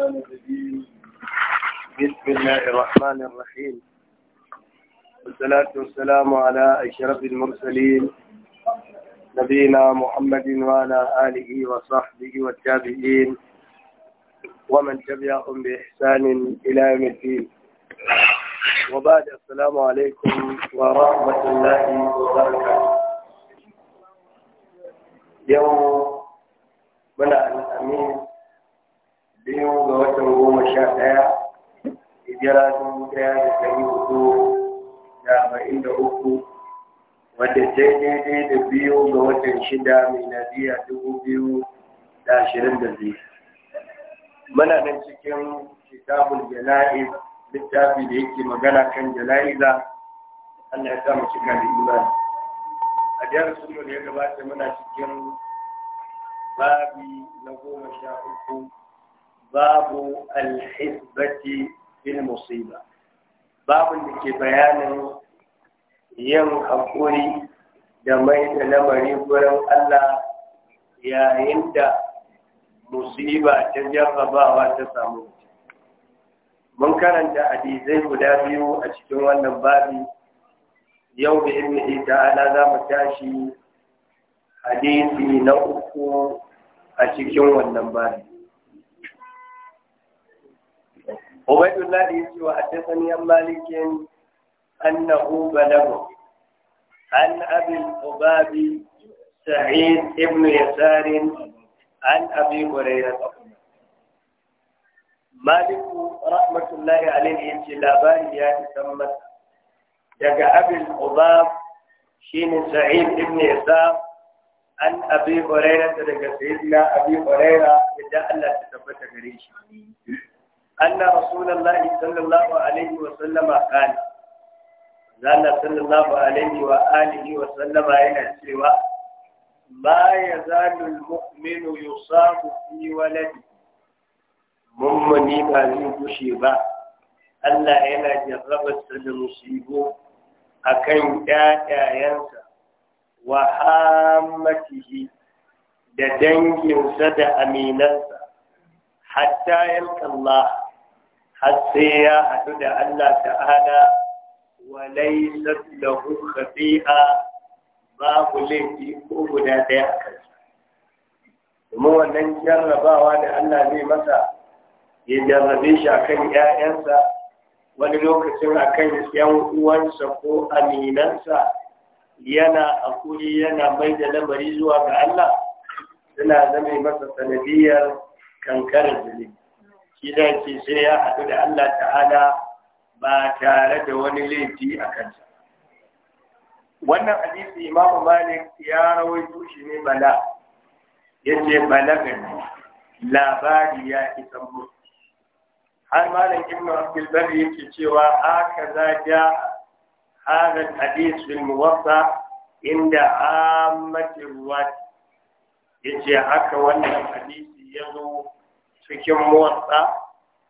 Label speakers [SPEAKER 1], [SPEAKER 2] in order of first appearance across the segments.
[SPEAKER 1] الشيطان الرجيم بسم الله الرحمن الرحيم والصلاة والسلام على أشرف المرسلين نبينا محمد وعلى آله وصحبه والتابعين ومن تبعهم بإحسان إلى يوم الدين وبعد السلام عليكم ورحمة الله وبركاته يوم منع الأمين biyu ga watan goma sha ɗaya hijira dubu ɗaya da ɗari hudu da arba'in da uku wadda daidai da biyu ga watan shida mai nadiya dubu biyu da ashirin da biyu muna nan cikin kitabul jana'iz littafi da yake magana kan jana'iza Allah ya sa mu cika da imani a jihar sunu da ya gabata muna cikin babi na goma sha uku babu alhizbati bil musiba babu da ke bayanin yin hakuri da mai da lamari wurin Allah yayin da musiba ta jarrabawa ta samu mun karanta hadisai guda biyu a cikin wannan babi yau da ilmi ta'ala za mu tashi hadisi na uku a cikin wannan babi Ubaidullah ya ce wa haddasani an malikin annahu balagu an abin ubabi ibn yasarin an abi hurairah maliku rahmatullahi alaihi ya ce labari ya isan masa daga abin ubab shine ibn yasar an abi hurairah daga sayyidina abi Allah ta tabbata gare shi أن رسول الله صلى الله عليه وسلم قال زال صلى الله عليه وآله وسلم إلى سوى ما يزال المؤمن يصاب في ولده mummuni ba zai gushe ba Allah yana jarrabarsa da musibo a kan ƴaƴayensa wa hammatihi da danginsa da aminansa hatta yalka Allah har sai ya hadu da Allah ta'ala wa laysat lahu khati'a babu laifi ko guda ɗaya a kansa Kuma wannan jarrabawa da Allah zai masa ya jarrabe shi akan 'ya'yansa, wani lokacin akan yan uwansa ko aminansa yana akuri yana mai da lamari zuwa ga Allah suna zama masa sanadiyar kankarar zunubi shi ce sai ya haɗu da Allah ta'ala ba tare da wani laifi a kansa wannan hadisi imamu malik ya rawaito shi ne bala Ya ce Bala gani labari ya isa mu har malam ibnu abdul bari yake cewa haka za ja hadha hadith fil muwatta inda ammati Ya ce haka wannan hadisi ya zo cikin motsa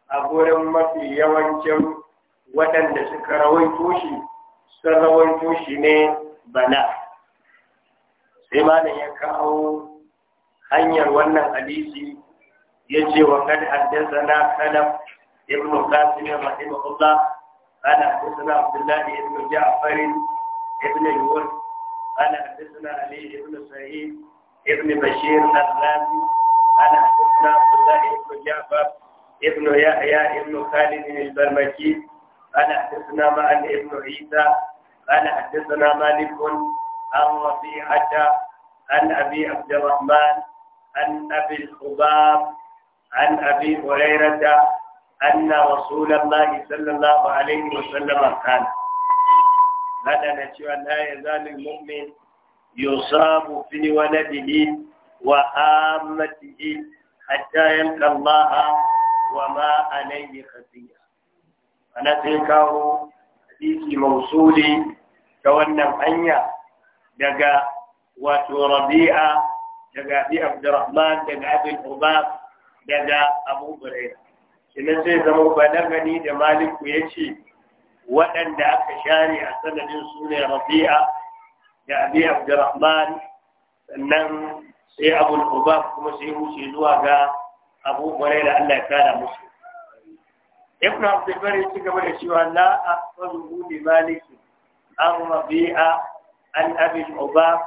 [SPEAKER 1] a gurin mafi yawancin waɗanda suka rawaito toshi sun rawaito toshi ne bana sai malam ya kawo hanyar wannan hadisi ya ce wa kan haddasa na kalaf ibn qasim haddasa na abdullahi ibn الله ibn جعفر بن haddasa na حدثنا ibn بن ibn bashir al الرازي عن حدثنا عبد الله بن جعفر ابن يحيى ابن خالد البرمكي قال حدثنا معا ابن عيسى قال حدثنا مالك عن ربيعة عن أبي عبد الرحمن عن أبي الخباب عن أبي هريرة أن رسول الله صلى الله عليه وسلم قال هذا نشوى لا يزال المؤمن يصاب في ولده وآمته حتى يلقى الله وما عليه خطيئة أنا سيكاو حديثي موصولي كوانا حنيا دقا واتو ربيعة دقا في عبد الرحمن دقا أبي الحباب دقا أبو بريرة شنو سيزمو بلغني دمالك ويشي waɗanda aka share a sanadin su ne rafi'a da abi abdurrahman sannan sai abu oba kuma sai wuce zuwa ga abu da Allah ya kada musu ibn abdul ci gaba da cewa la ahfazuhu hudu maliki, an rabi'a an abin al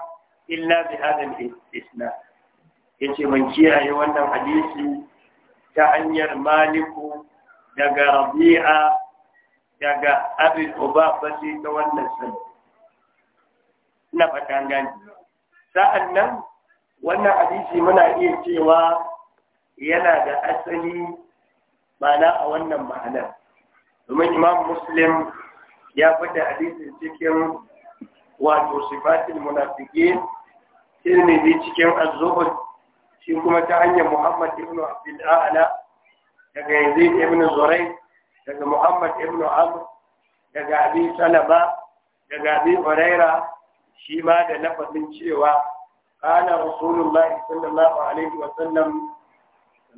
[SPEAKER 1] illa bi hadin isna. ya ce ban kiyaye wannan hadisi ta hanyar maliku daga rabi'a daga abin uba ba sai ta wannan sani na fata gani sa'an nan wannan hadisi muna iya cewa yana da asali mana a wannan ma'anar domin imam muslim ya fada hadisin cikin wato sifatin munafiki tirmidhi cikin az-zuhud shi kuma ta hanyar muhammad ibn abdul a'la daga yazid ibn zurai daga muhammad ibn amr daga abi salama daga abi huraira shi ma da lafazin cewa kana rasulullahi sallallahu alaihi wa sallam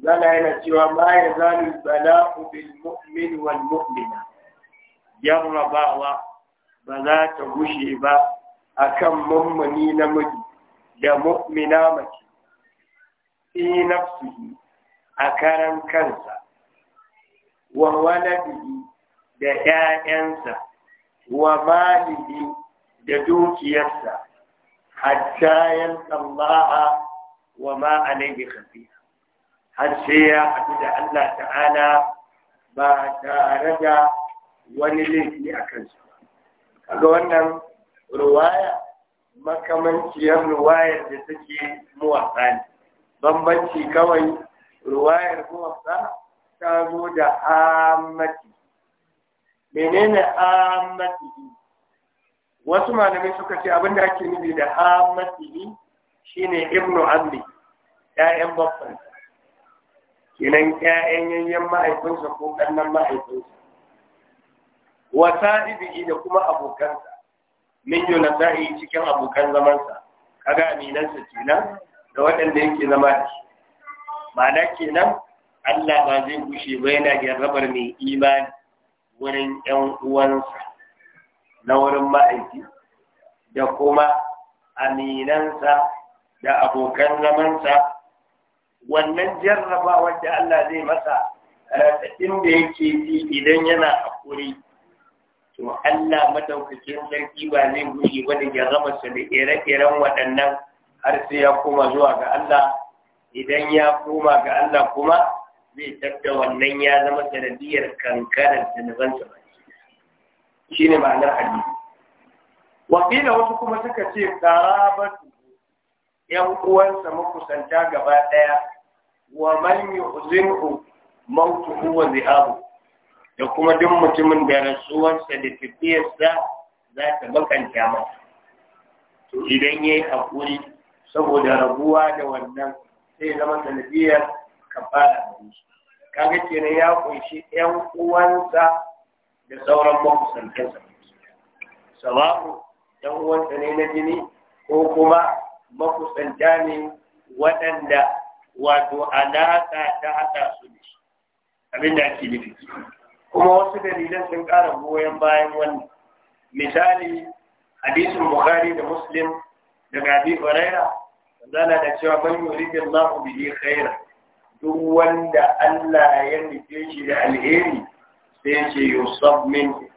[SPEAKER 1] zala yana cewa ma ya zalu bala'u bil mu'min wal mu'mina ba za ta bushe ba akan mummuni namiji da mu'mina mace fi nafsihi a karan kansa wa waladihi da 'ya'yansa wa malihi da dukiyarsa hatta yalqa wa ma alayhi har sai ya haɗu da Allah ta'ala ba tare da wani laifi a kansu ba. kaga wannan ruwaya makamanciyar ruwayar da take muwasa ne bambanci kawai ruwayar muwasa ta zo da amati menene amati wasu malamai suka ce abin abinda ake nufi da shi shine ibnu amri ƴaƴan babban kenan ƴaƴan yanyan mahaifinsa ko ƙannan mahaifinsa wa sa'ibihi da kuma abokansa min yunata'i cikin abokan zamansa kaga aminansa kenan da waɗanda yake zama da shi ma'ana kenan Allah ba zai gushe ba yana jarrabar mai imani wurin ƴan uwansa na wurin ma'aiki da kuma aminansa da abokan zamansa wannan jarrabawar da Allah zai masa eh, Inda da yake ji idan yana haƙuri to Allah madaukakin sarki ba zai gushi ba da su da ire-iren waɗannan har sai ya koma zuwa ga Allah idan ya koma ga Allah kuma zai tabbata wannan ya zama sanadiyar da nufansa ba ne ma'anar hadisi wakila wasu kuma suka ce su yan uwansa makusanta gaba daya wa man yuzinhu mautu wa zihabu da kuma duk mutumin da rasuwarsa da tafiyarsa za ta bakanta masa idan yayi hakuri saboda rabuwa da wannan sai zama sanadiyar kafara da shi kaga kenan ya ƙunshi yan uwansa da sauran makusantansa sawa'u ɗan uwansa ne na jini ko kuma makusanta ne waɗanda wato alaƙa ta haɗa su ne abin da ake nufi kuma wasu dalilan sun ƙara goyon bayan wannan misali hadisin bukhari da muslim daga abi huraira zana da cewa man yuridu Allahu bihi khaira duk wanda Allah ya nufe shi da alheri sai ya ce yusuf min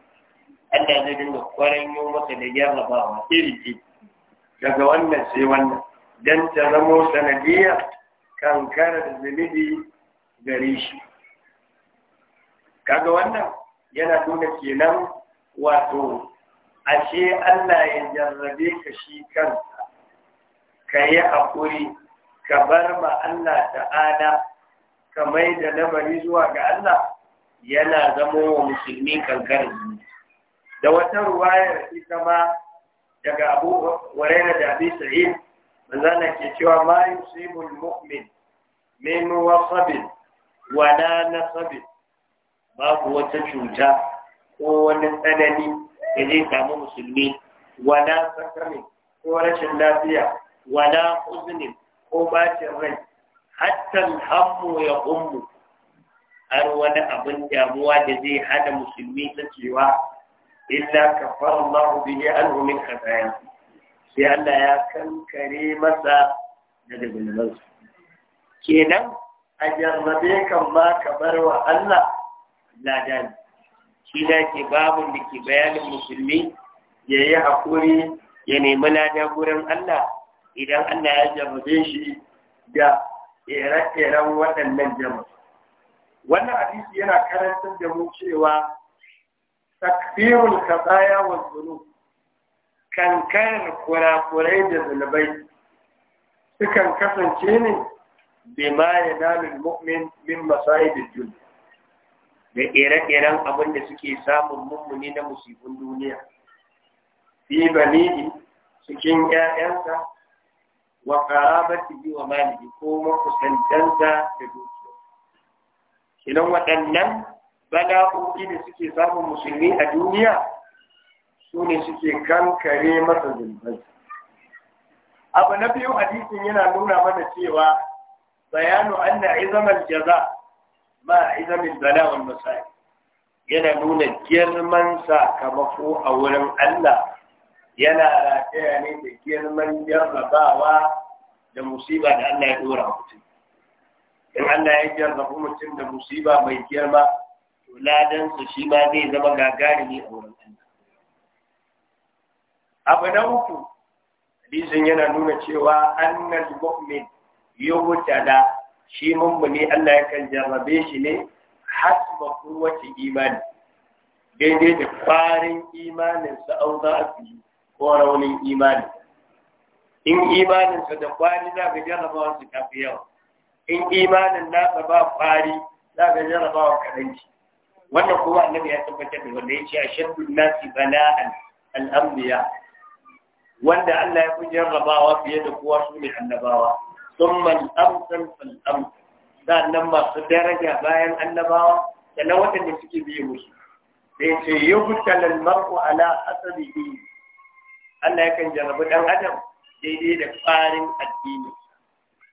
[SPEAKER 1] Allah zai dinga kwaran yi masa da jarrabawa iri daga wannan sai wannan don ta zamo sanadiyya kankarar zunubi gare shi kaga wannan yana nuna kenan wato ashe Allah ya jarrabe ka shi kansa ka yi haƙuri ka bar ma Allah ta'ala ka mai da lamari zuwa ga Allah yana zamo wa musulmi kankarin da wata ruwayar ita ma daga abu waraina da abi sa'id manzana ke cewa ma yusibul mu'min min wasabin na nasabin babu wata cuta ko wani tsanani da zai samu musulmi wa wala sakamin ko rashin lafiya wa na uzunin ko bacin rai hatta hammu ya ummu har wani abin damuwa da zai hada musulmi ta cewa illa kafar Allah bihi anhu min khataya sai Allah ya kankare masa daga zunubansa kenan a jarrabe kan ma ka bar wa Allah ladan shi da ke babun da ke bayanin musulmi ya yi haƙuri ya nemi lada gurin Allah idan Allah ya jarrabe shi da tsere-tseren waɗannan jama'a wannan hadisi yana karantar da mu cewa takfirul kasaya wa zunub kankan kurakurai da zunubai sukan kasance ne bima ya dalil mu'min min masa'ibid dunya da ire-iren abin da suke samun mummuni na musibin duniya fi bani cikin 'ya'yansa wa qarabatihi wa malihi ko makusantanta da dukiya idan waɗannan bala'o'i da suke samun musulmi a duniya su ne suke kankare masa zunubai abu na biyu hadisin yana nuna mana cewa bayanu anna izamal jaza ma izamin bala'on masai yana nuna girman sakamako a wurin Allah yana rataya ne da girman jarrabawa da musiba da Allah ya dora mutum in Allah ya jarrabu mutum da musiba mai girma to Ladansa su shi ma zai zama gagarumi a wurin Allah abu na uku hadisin yana nuna cewa annal mu'min yuhtada shi mummuni Allah ya kan jarrabe shi ne hasba kowace imani daidai da kwarin imaninsa au za a ko raunin imani in imaninsa da kwari za ka jarrabawa wasu kafi yawa in imanin nasa ba kwari za ka jarabawa kaɗanci wannan kuma annabi ya tabbatar da wanda ya ce a shaddun nasi bala'an al'ambiya wanda Allah ya fi jarrabawa fiye da kowa su ne annabawa sun man amsan fal'am nan masu daraja bayan annabawa da na waɗanda suke biye musu sai ce yi hutalar mar'u ala asabihi Allah ya kan jarrabi ɗan adam daidai da tsarin addini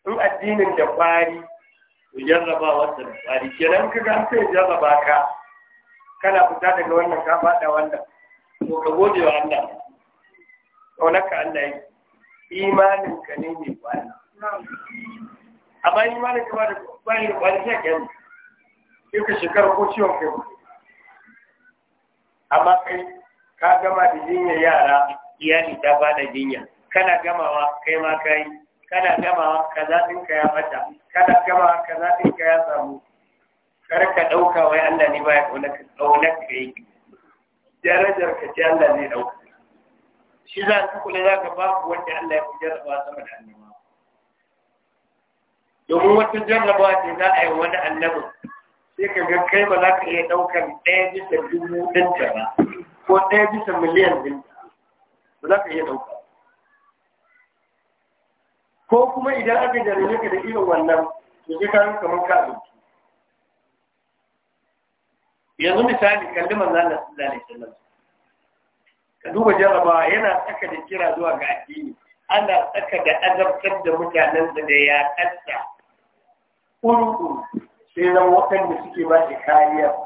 [SPEAKER 1] in addinin da kwari to jarraba wanda da kwari kenan ka ga sai jarraba ka kana fita daga wannan ka fada wannan to ka gode wa Allah kaunarka Allah yake imanin ka ne mai kwari amma imanin ka ba da kwari kwari sai ka yi sai ka shekara ko ciwon kai amma kai ka gama da jinyar yara iyali ta fada jinya kana gamawa kai ma kai yi kada gama kaza ɗinka ya bata kada gama kaza ɗinka ya samu kar ka ɗauka wai Allah ne baya ƙaunar ka yi darajar ka ce Allah ne ɗauka shi za ka kula za ka ba ku wanda Allah ya fi jarraba sama da annaba domin wata jarrabawa ce za a yi wani annabi sai ka ga kai ba za ka iya ɗaukar ɗaya bisa dubu ɗinta ba ko ɗaya bisa miliyan ɗinta ba za ka iya ɗauka ko kuma idan aka jarrabe ka da irin wannan yanzu ka ka mun ka abinci yanzu misali kalli manzo Allah sallallahu alaihi wasallam ka duba jarrabawa yana tsaka da kira zuwa ga addini ana tsaka da azabtar da mutanen da da ya kasta kurku sai zan da suke ba shi kariya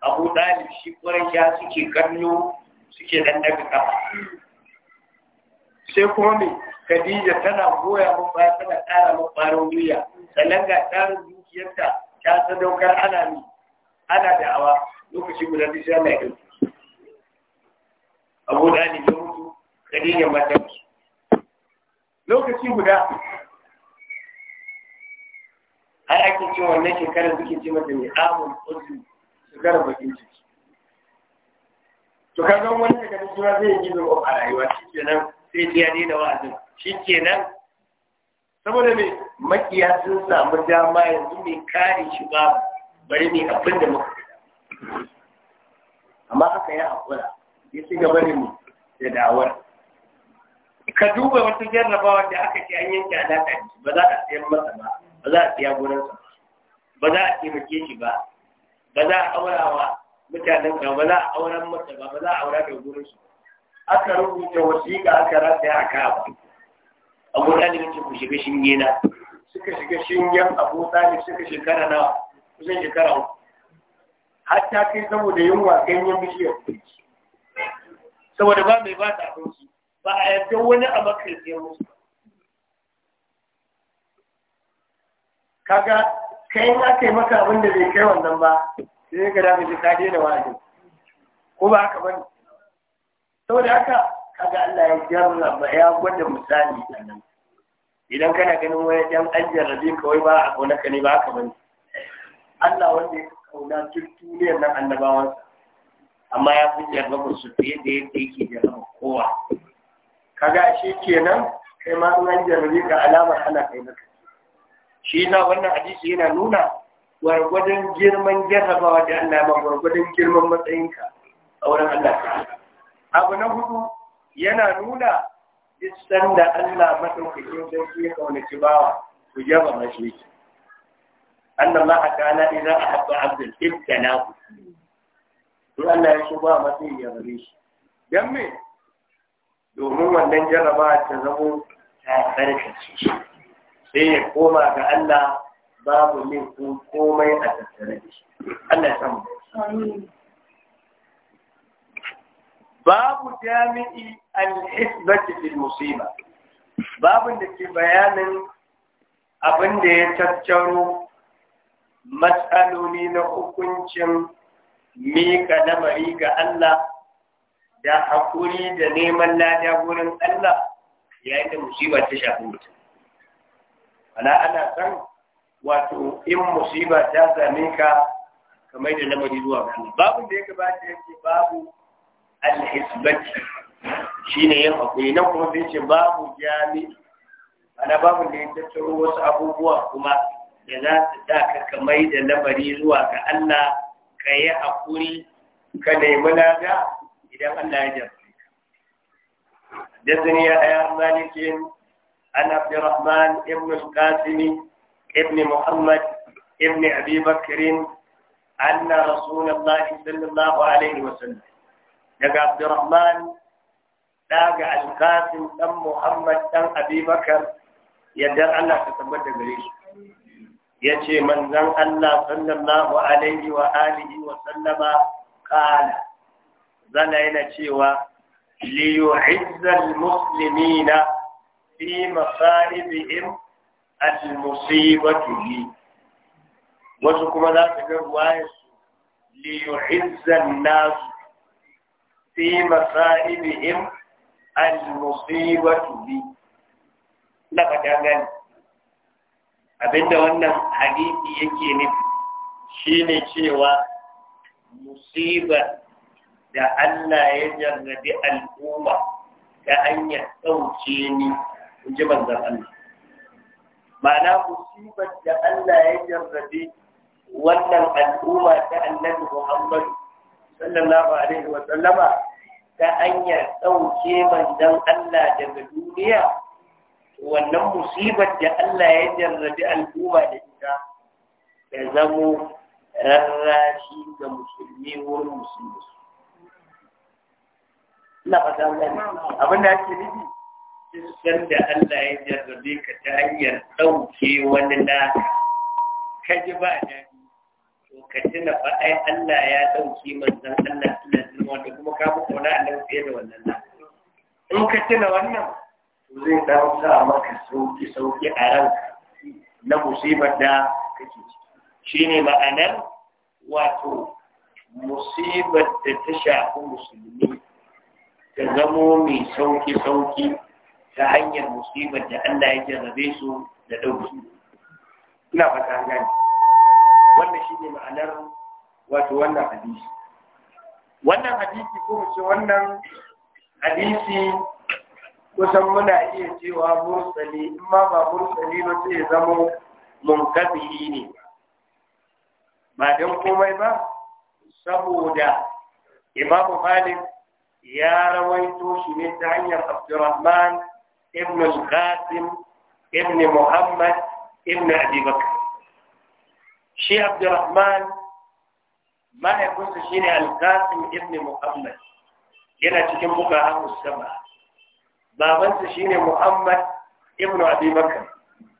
[SPEAKER 1] abu dalib shi ƙwarar ya suke kallo suke dan daga kafa sai kuma me Khadija tana goya ba baya tana ƙara mun ƙwarin duniya sannan ga tsarin dukiyarta ta daukar ana mi ana da awa lokaci guda duk sai mai ya dauki Abu Dali ya mutu Khadija mata lokaci guda har ake cewa wannan shekarar suke ce mata ne amul uzu shekarar bakin ciki to kaga wani daga cikin zai yi gizo a rayuwa shi kenan sai ya daina wa'azin shi kenan saboda mai makiya sun samu dama yanzu mai kare shi ba bari ne abin da muka amma haka ya haƙura ya ci gaba ne mu da dawar ka duba wata jarrabawa da aka ce an yanke alaƙa ba za a siyan masa ba ba za a siya gurinsa ba za a taimake shi ba ba za a aura wa mutanen ka ba za a auren masa ba ba za a aura da gurinsu aka rubuta wasiƙa aka rasa a kawo. abu ɗalibin ce ku shiga shinge na suka shiga shingen abu ɗalib suka shekara na kusan shekara uku ta kai saboda yunwa ganyen bishiyar saboda ba mai ba ta abinci ba a yadda wani a makarfe musu kaga kai in aka yi maka abin da bai kai wannan ba sai ka dafa ka daina wa'azi ko ba haka bane saboda haka kaga Allah ya jarraba ya gwada misali a nan idan kana ganin wani dan an jarrabe kawai ba a kauna ka ne ba haka bane Allah wanda ya kauna duk duniyar nan annabawan amma ya fi jarraba su fiye da yadda yake jarraba kowa kaga shi kenan kai ma in an jarrabe ka alamar ana kai maka shi yasa wannan hadisi yana nuna gwargwadon girman jarrabawa da Allah ma gwargwadon girman matsayinka a wurin Allah abu na hudu yana nuna isan da Allah madaukakin sarki ya kaunaci bawa ku jaba mashi annan ma haka na idan a haɓa abdul ibtana ku to Allah ya shuba masa ya bari shi dan me domin wannan jaraba ta zamo ta karkace shi sai ya koma ga Allah babu min komai a tattare da shi Allah ya samu babu jami'i al-hisbati fil musiba Babu da ke bayanin abin da ya tattaro matsaloli na hukuncin miƙa lamari ga Allah da hakuri da neman lada wurin Allah yayin da musiba ta shafi mutum. Ana ana san wato in musiba ta same ka kamar da lamari zuwa Babu da ya gabata yake babu al-isbati shine yin hakuri nan kuma sai ce babu jami ana babu da ya tattaro wasu abubuwa kuma da za su sa ka kamai da lamari zuwa ga Allah ka yi hakuri ka nemi lada idan Allah ya jarfe da dazini ya ayar malikin an abdurrahman ibn al-qasimi ibn muhammad ibn abi bakrin anna rasulullahi sallallahu alaihi wasallam daga Abdurrahman daga Alkasim dan Muhammad dan Abubakar yadda Allah ta da gare shi ce manzan Allah sallallahu alaihi wa alihi wa sallama kana zana yana cewa li yu'izza al-muslimina fi masaibihim al-musibatu wasu kuma za su ga ruwayar su yu'izza an-nas fi masa'ibihim al-musibatu bi na fata dangane. abinda wannan hadisi yake nufi shine cewa musibar da Allah ya jarrabi al'umma ta hanyar ɗauke ni in ji manzan Allah. Ma'ana musibar da Allah ya jarrabi wannan al'umma ta annabi Muhammadu sallallahu alaihi wa sallama ta hanyar ɗauke manzan Allah daga duniya wannan musibar da Allah ya jarrabi al'umma da ita ya zamo rarrashi ga musulmi wurin musulmi ina fata gani abin da ake nufi san da Allah ya jarrabe ka ta hanyar ɗauke wani naka ka ji ba daɗi ka tuna ba ai Allah ya dauki manzon Allah na zuwa wanda kuma ka mu kona Allah fiye da wannan na in ka tuna wannan zai dawo sa maka sauki sauki a ranka na musibar da kake ciki shine ma'anar wato musibar da ta shafi musulmi ta zamo mai sauki sauki ta hanyar musibar da Allah ya jarrabe su da dauki ina fata gani wannan shine ma'anar wato wannan hadisi wannan hadisi ko ce wannan hadisi kusan muna iya cewa mursali in ma ba mursali ba sai ya zama munkabihi ne ba don komai ba saboda imam malik ya rawaito shi ne ta hanyar abdurrahman ibn al-qasim ibn muhammad ibn abi bakr shi abdurrahman mahaifinsa shi ne alkasim ibn muhammad yana cikin buga hamus sama babansa shi ne muhammad ibn abubakar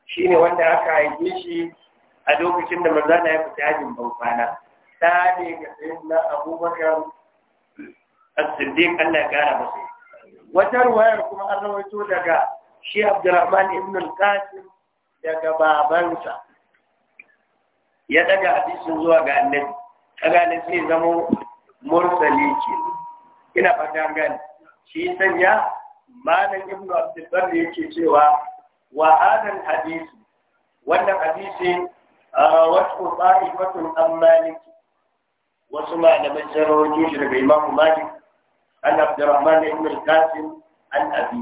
[SPEAKER 1] shi ne wanda aka haife shi a lokacin da manzana ya fita yajin bankwana ta ne ga sayin na abubakar as-siddiq Allah ya gara masa wata ruwayar kuma an rawaito daga shi abdurrahman ibn al daga babansa ya daga hadisin zuwa ga annabi kaga ne sai zamo mursali ke ina fata gani shi sanya malam ibnu abdul barri yake cewa wa hadal hadisi wannan hadisi wasu ta'ifatun an maliki wasu malaman jarawoji shi daga imamu malik an abdurrahman ibn al-qasim an abi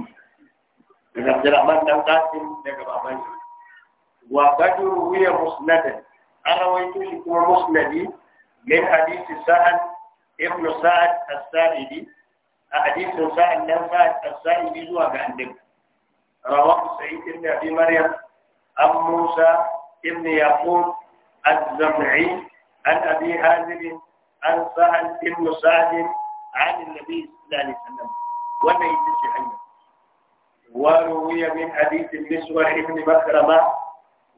[SPEAKER 2] daga abdurrahman
[SPEAKER 1] dan qasim daga baban shi wa qadru huwa musnadan an rawaito shi kuma musnadi min hadisi sa'ad ibn sa'ad as-sa'idi a hadisin sa'ad dan sa'ad as-sa'idi zuwa ga annabi rawahu sa'id ibn abi maryam an musa ibn yaqub az-zam'i an abi hazim an sa'ad ibn sa'ad an annabi sallallahu alaihi wasallam wannan yake shi hanya وروي من حديث المسور ابن مكرمه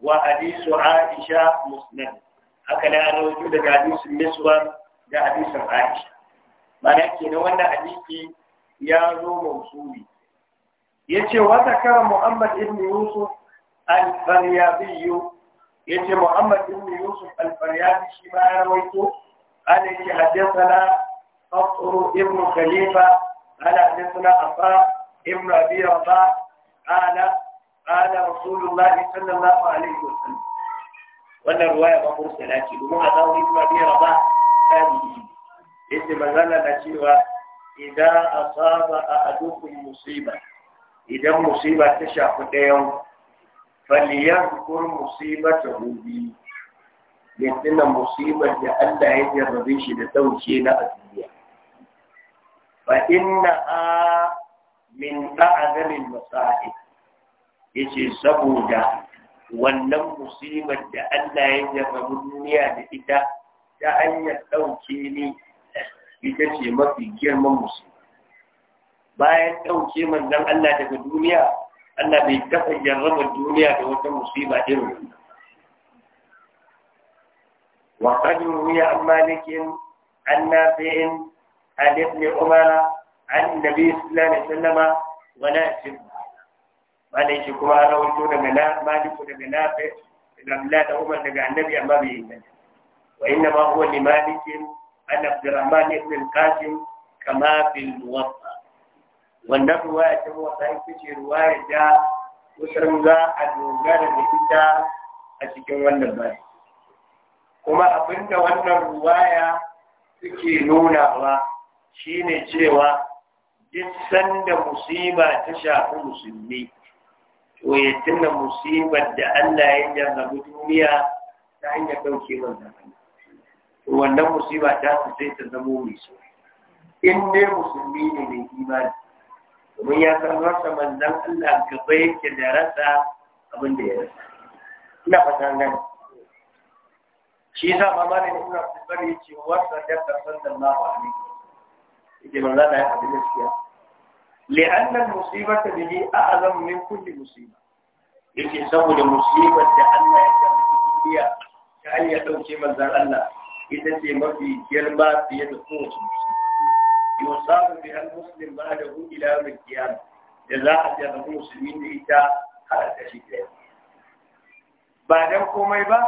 [SPEAKER 1] وحديث عائشة مسلم هكذا أنا وجود حديث مسور ده حديث عائشة معناه كده وانا حديثي يا رو موصولي يتي وذكر محمد بن يوسف الفريابي يتي محمد بن يوسف الفريابي شما رويته قال يتي حدثنا فطر ابن خليفة قال حدثنا أفاق ابن أبي رباح قال قال رسول الله صلى الله عليه وسلم wannan ruwaya ba mursala ce domin a zama ni kuma biyar ba ta biyu yace manzala na cewa idan saba a adukun musiba idan musiba ta shafi ɗaya faliyar kur musiba ta hudu yadda musibar da Allah ya jarrabe shi da sauke na a duniya fa inna a min ta'azamin masahib yace saboda wannan musibar da Allah ya jarrabu duniya da ita ta hanyar ɗauke ni ita ce mafi girman musiba bayan ɗauke manzon Allah daga duniya Allah bai taɓa jarraba duniya da wata musiba irin wannan وقد روي عن مالك عن نافع عن ابن عمر عن النبي صلى الله عليه وسلم ولا malai shi kuma an rawaito daga na maliku daga nafi da abdullahi da umar daga annabi amma bai yi gani wa inna ma huwa li malikin an abdurrahman ibn al-qasim kama fil muwatta wannan ruwaya ta muwatta ita ce ruwaya da kusan za a dogara da ita a cikin wannan bayan kuma abinda wannan ruwaya suke nuna wa shine cewa duk sanda musiba ta shafi musulmi to ya musibar da Allah ya jarrabu duniya ta hanyar ɗauke wannan to wannan musiba ta su sai ta zamo mai so in dai musulmi ne mai imani domin ya san rasa manzan Allah gaba yake da rasa abin da ya rasa ina fatan gani shi za ma malamin Ibn Abdul Bari yace wasa da sallallahu alaihi wasallam yake manzan Allah ya faɗi gaskiya لأن المصيبة به أعظم من كل مصيبة yake saboda musibar da Allah ya samu duniya ta hanyar ɗauke manzan Allah ita ce mafi girma fiye da kowace musulmi yusabu bi al muslim ba da hu ila yawm qiyam da za a jarrabu musulmi ita har ta shi ba dan komai ba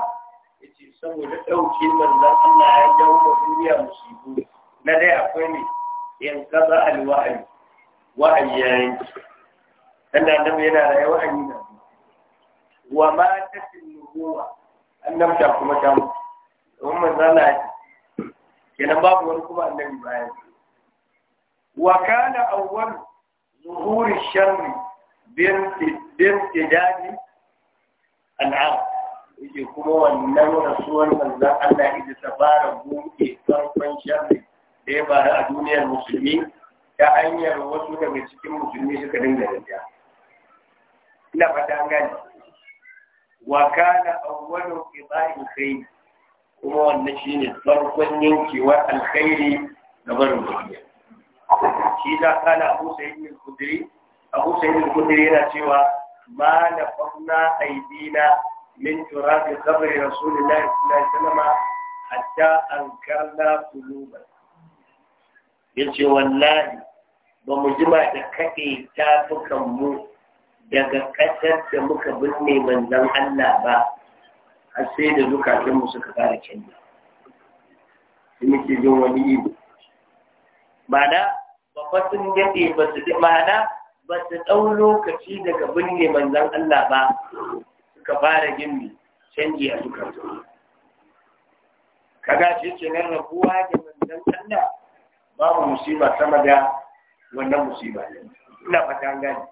[SPEAKER 1] yace saboda ɗauki manzan Allah ya duniya musibu na dai akwai ne in kaza al wahayi dan da annabi yana da wahayi na wa ma tatin nubuwa annabta kuma ta mutu domin kenan babu wani kuma annabi bayan wa kana awwal zuhuri sharri binti binti dadi an'am yake kuma wannan rasuwar manzo Allah ita ta fara buke farkon sharri da ya bara a duniyar musulmi ta hanyar wasu daga cikin musulmi suka dinga rinja ina fata an gani wa kana awwalu qita'in khayr kuma wannan shine farkon yankewar alkhairi da barin dukiya shi da kana Abu Sayyid al-Khudri Abu Sayyid al-Khudri yana cewa ma nafaqna aydina min turabi qabri rasulillahi sallallahu alaihi wasallam hatta ankarna qulubana yace wallahi ba mu jima da kaɗe tafukanmu daga ƙasar da muka binne manzan Allah ba har sai da zukatunmu suka fara canza da muke jin wani ido ma'ana ba sun daɗe ba su ma'ana ba su ɗau lokaci daga binne manzan Allah ba suka fara jin canji a zukatunmu kaga shi ce nan rabuwa da manzan Allah babu musiba sama da wannan musiba ina fata an gane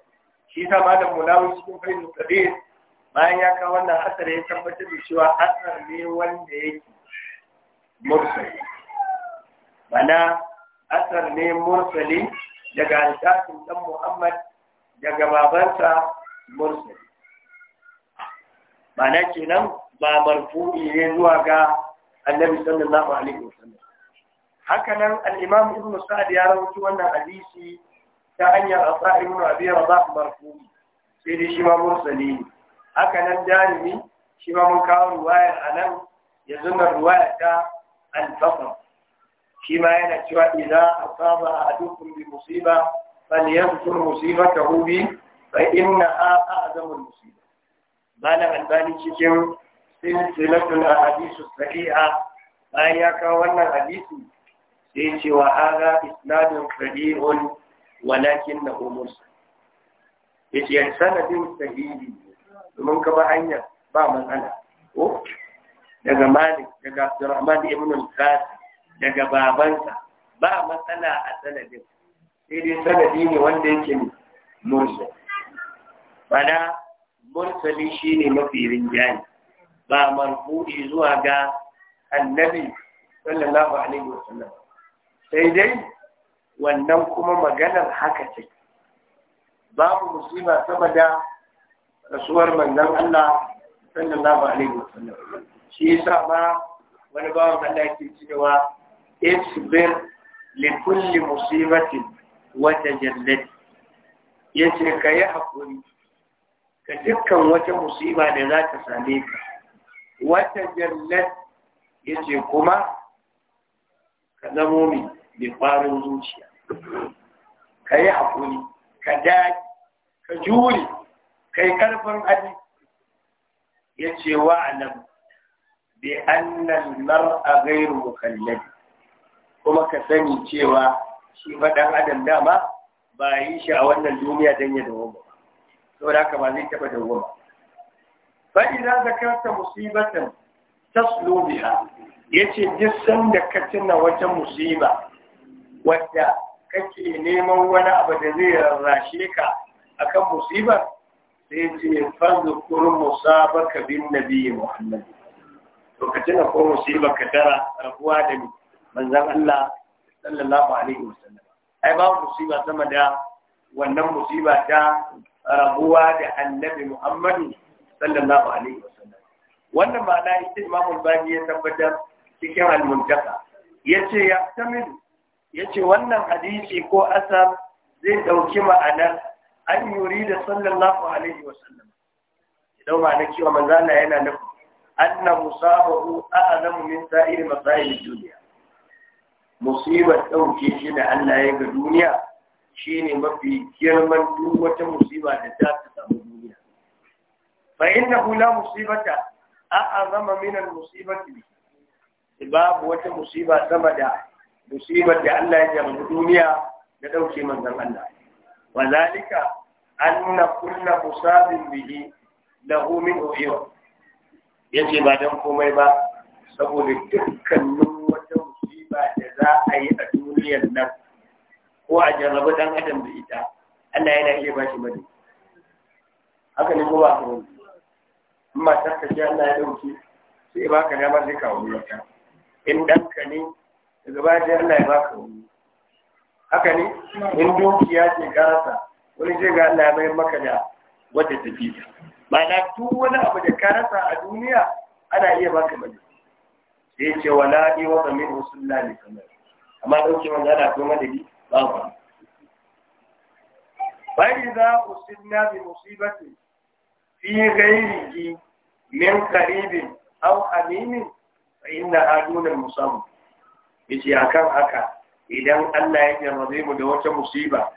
[SPEAKER 1] shi ta ba da mulawi cikin fahimtar kadir bayan ya kawo wannan hasar ya tabbatar da cewa asar ne wanda yake mursali mana asar ne mursali daga alƙasin dan muhammad daga babansa mursali mana kenan ba marfu'i ne zuwa ga annabi sallallahu alaihi wasallam Hakanan nan al ibn sa'ad ya rauci wannan hadisi ta hanyar asa ibn abi rabah marfu sai dai shi ma mursali ne haka nan darimi shi ma mun kawo ruwayar nan ya na ruwaya ta al-fasl shi ma yana cewa idza asaba ahadukum bi musiba ta musibatahu bi fa a a'zamul musiba Bana albani cikin silsilatul ahadithus sahiha bayan ya kawo wannan hadisi sai ce wa haza isnadun sahihun walakin na umursa ya ce sanadin sahihi domin ka ba hanya ba matsala ko daga malik daga abdurrahman ibn al qas daga babansa ba matsala a sanadin sai dai sanadi ne wanda yake mursa bana mursali shine mafi rinjaye ba marfu'i zuwa ga annabi sallallahu alaihi wasallam sai dai wannan kuma maganar haka ce babu musiba sama da rasuwar manzon Allah sallallahu alaihi wasallam shi yasa ma wani bawan Allah yake cewa isbir li kulli musibatin wa tajallad yace ka yi hakuri ka dukkan wata musiba da za ta same ka wata tajallad yace kuma ka zamo mai mai kwarin zuciya ka yi haƙuri ka daji ka jure ka yi ƙarfin aji. ya ce wa alam bi annal mar'a ghairu mukallab kuma ka sani cewa shi faɗan adam dama ba yi shi a wannan duniya don ya dawo ba saboda haka ba zai taba dawo ba za ka karta musibatan taslu biha ce duk da ka tuna wata musiba wadda kake neman wani abu da zai rarrashe ka kan musibar sai ce fanzu kurin musabaka bin biyu muhammadu lokacin da ko musibar ka tara rabuwa da ni manzan Allah sallallahu alaihi wasallam ai ba musiba sama da wannan musiba ta rabuwa da annabi Muhammadu. sallallahu alaihi wasallam wannan ma'ana ita imamul bani ya tabbatar cikin almuntaka yace ya tamin Ya ce wannan hadisi ko asar zai ɗauki ma'anar an yuri da sallallahu alaihi wa sallam idan ma'anar cewa manzo Allah yana nufin anna musabahu a'lamu min sa'ir masail duniya musibar ɗauke shi da Allah ya ga duniya shine mafi girman duk wata musiba da ta samu duniya fa innahu la musibata a'zama min al-musibati babu wata musiba sama da musibar da Allah ya jama duniya da ɗauke manzan Allah wa zalika anna kunna musabin bihi homin min Ya ce ba don komai ba saboda dukkanin wata musiba da za a yi a duniyar nan ko a jarrabu ɗan adam da ita Allah yana iya shi mani haka ne kuma a amma sarkaci Allah ya ɗauki sai ba ka damar zai kawo ruwa in ɗanka ne daga baya sai Allah ya ka wani haka ne in dukiya ce karasa wani ce ga Allah ya mai maka da wata tafi ba na tu wani abu da karasa a duniya ana iya baka mai sai ce wala ɗi wa kamar usulla ne kamar amma ɗauke wanda ana kuma da bi ba ba bari za usilna bi musibati fi gairiki min karibin aw amin fa inna aduna musamman yace akan haka idan Allah ya jarrabe mu da wata musiba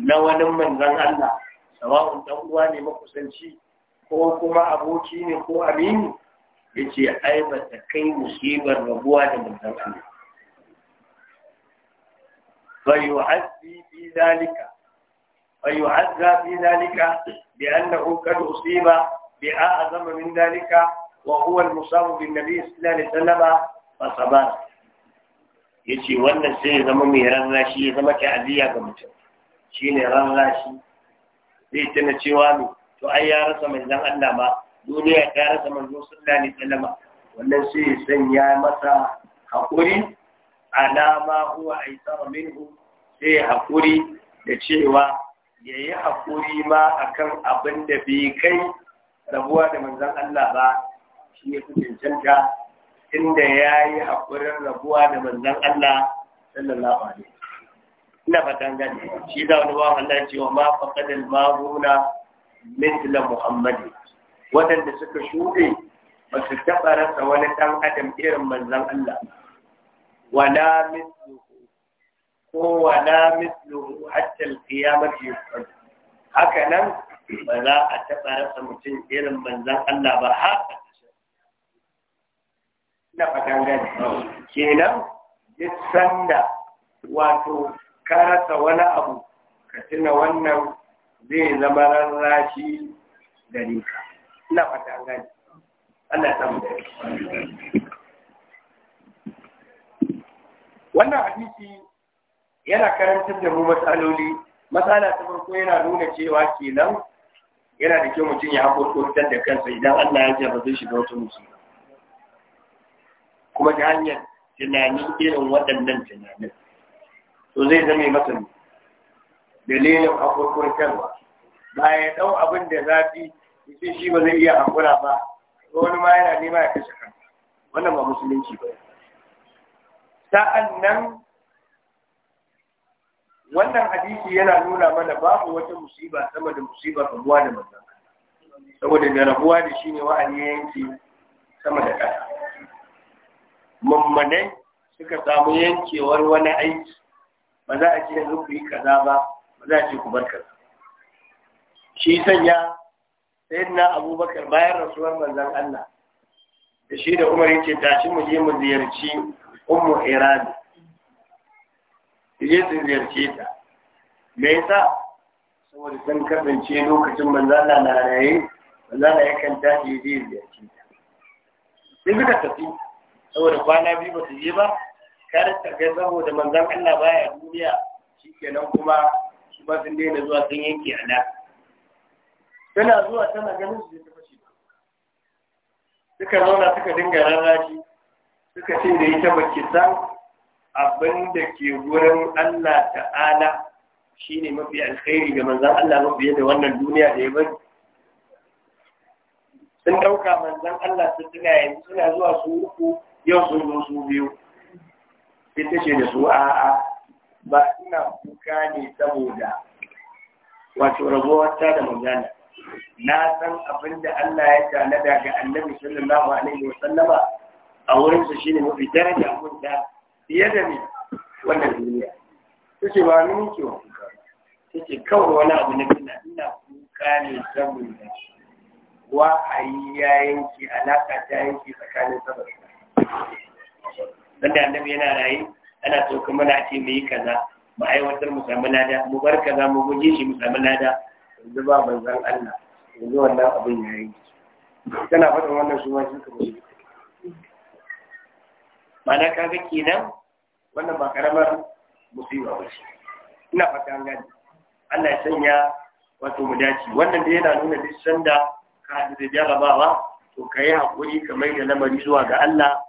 [SPEAKER 1] na wani manzan Allah sawa'un dan uwa ne makusanci ko kuma aboki ne ko amini yace ai ba ta kai musibar rabuwa da manzon Allah فيعزي في ذلك فيعزى في ذلك بأنه قد أصيب بأعظم من ذلك وهو المصاب بالنبي صلى الله عليه وسلم فصبر ya ce wannan sai ya zama mai rarrashi ya zama ta'aziyya ga mutum shi ne rarrashi zai tana cewa ne to ai ya rasa manzan Allah ma duniya ta rasa manzo sallah ni sallama wannan sai ya sanya masa hakuri alama huwa aisara minhu sai ya hakuri da cewa ya yi hakuri ma akan abin da bai kai rabuwa da manzan Allah ba shi ne inda ya yi haƙurin rabuwa da manzan Allah sallallahu alaihi ina fatan gani shi da wani bawan Allah cewa ma faqadal maghuna mithla muhammadi waɗanda suka shuɗe ba su taɓa rasa wani ɗan adam irin manzan Allah wala mithluhu ko wala mithluhu hatta al-qiyamati yusad haka nan ba za a taɓa rasa mutum irin manzan Allah ba haka na fatan gani kenan duk sanda wato ka wani abu ka tuna wannan zai zama rarrashi da ka na fatan gani Allah ta mu wannan hadisi yana karantar da mu matsaloli matsala ta farko yana nuna cewa kenan yana da kyau mutum ya haƙo da kansa idan Allah ya ba zai da wata musulma kuma ta hanyar tunanin irin waɗannan tunanin to zai zame masa dalilin akwakwarkarwa ba ya ɗau abin da zafi yace shi ba zai iya hakura ba wani ma yana nema ya kashe kan wannan ba musulunci ba sa'an nan wannan hadisi yana nuna mana babu wata musiba sama da musiba, rabuwa da manzon
[SPEAKER 2] saboda da rabuwa
[SPEAKER 1] da shi ne wa'ani yanki sama da ƙasa mummanai suka samu yankewar wani aiki ba za a ce yanzu ku yi kaza ba ba za a ce ku bar kaza shi sanya na abubakar bayan rasuwar manzan Allah da shi da Umar yake tashi mu je mu ziyarci ummu irani je su ziyarce ta me yasa saboda sun kasance lokacin Allah na raye manzala yakan tashi je ziyarce ta sai suka tafi saboda kwana biyu ba su yi ba kar ta saboda manzan Allah baya duniya shi nan kuma su ba sun daina zuwa sun yanke ana tana zuwa tana ganin su ta fashe suka zauna suka dinga rarrashi suka ce da ita baki san abin da ke wurin Allah ta'ala shine mafi alkhairi ga manzan Allah mafi yadda wannan duniya da ya bari sun ɗauka manzan Allah su tuna yanzu suna zuwa su uku yau sun zo su biyu sai ta ce da su a'a ba ina kuka ne saboda wato rabuwar ta da magana na san abin da Allah ya tanada ga annabi sallallahu alaihi wa sallama a wurin sa shine mafi daraja mun da fiye da ni wannan duniya tace ba ni muke wa kuka tace kawai wani abu na kina ina kuka ne saboda wahayi ya yanki alaka ta yanki tsakanin sabbin dan da annabi yana rayi ana so kuma na ce mu yi kaza mu aiwatar mu samu lada mu bar kaza mu guje shi mu samu lada yanzu ba manzon Allah yanzu wannan abin ya yi kana faɗin wannan su ma shi ka mana ka ga kenan wannan ba karamar musiba ba ce ina fata an gani Allah ya sanya wato mu dace wannan da yana nuna duk sanda ka da jarabawa to ka yi haƙuri ka mai da lamari zuwa ga Allah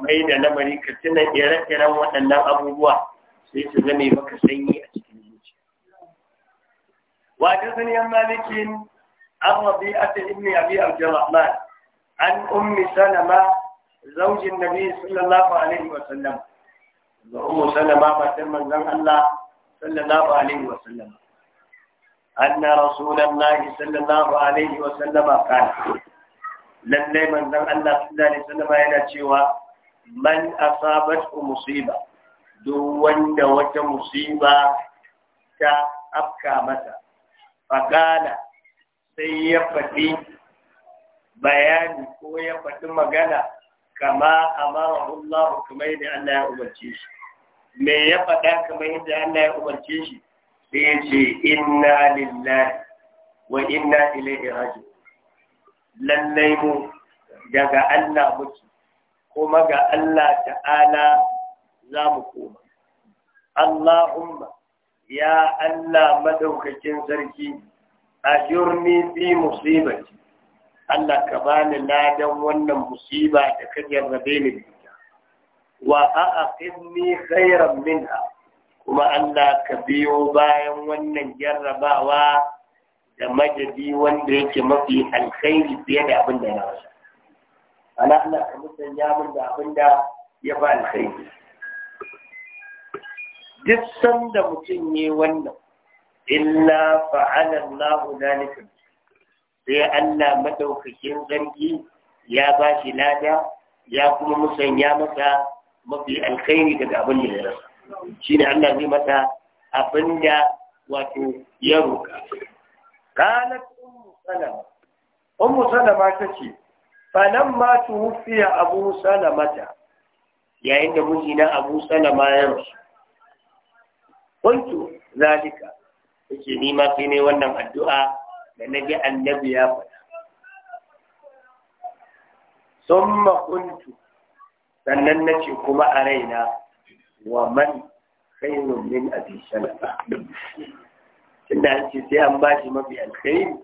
[SPEAKER 1] mai da lamari ka tuna ire-iren waɗannan abubuwa sai su zame maka sanyi a cikin zuciya. Wata yan malikin an rabi a ta ibni abi abdurrahman an ummi salama zaujin nabi sallallahu alaihi wa sallam da ummu salama matan manzan Allah sallallahu alaihi wa an na رسول الله صلى الله عليه وسلم قال لن من ذن الله صلى الله عليه وسلم man asabat musiba duk wanda wata musiba ta afka masa fakala sai ya faɗi bayani ko ya faɗi magana kama amara Allah kamar yadda Allah ya umarce shi me ya faɗa kamar yadda Allah ya umarce shi sai ya ce inna lillahi wa inna ilaihi raji'un lallai mu daga Allah muke kuma ga Allah ta'ala za mu koma Allahumma ya Allah madaukakin sarki ajurni fi musibati Allah ka bani ladan wannan musiba da ka jarrabe ni ita wa aqimni khairan minha kuma Allah ka biyo bayan wannan jarrabawa da majadi wanda yake mafi alkhairi fiye da abin da na rasa ana Allah ka musanya min da abin da ya ba alkhairi duk sanda mutum ne wannan illa fa'ala Allah zalika sai Allah madaukakin zargi ya ba shi lada ya kuma musanya masa mafi alkhairi daga abin da ya rasa shine Allah zai masa abin da wato ya roka kanat ummu salama ummu salama ce. falan ma tuwufiya abu salamata yayin da mijina abu salama ya rasu kuntu zalika yace ni ma sai ne wannan addu'a da nabi annabi ya faɗa summa kuntu sannan na ce kuma a raina wa man khairun min abi salama tunda an ce sai an ba shi mafi alkhairi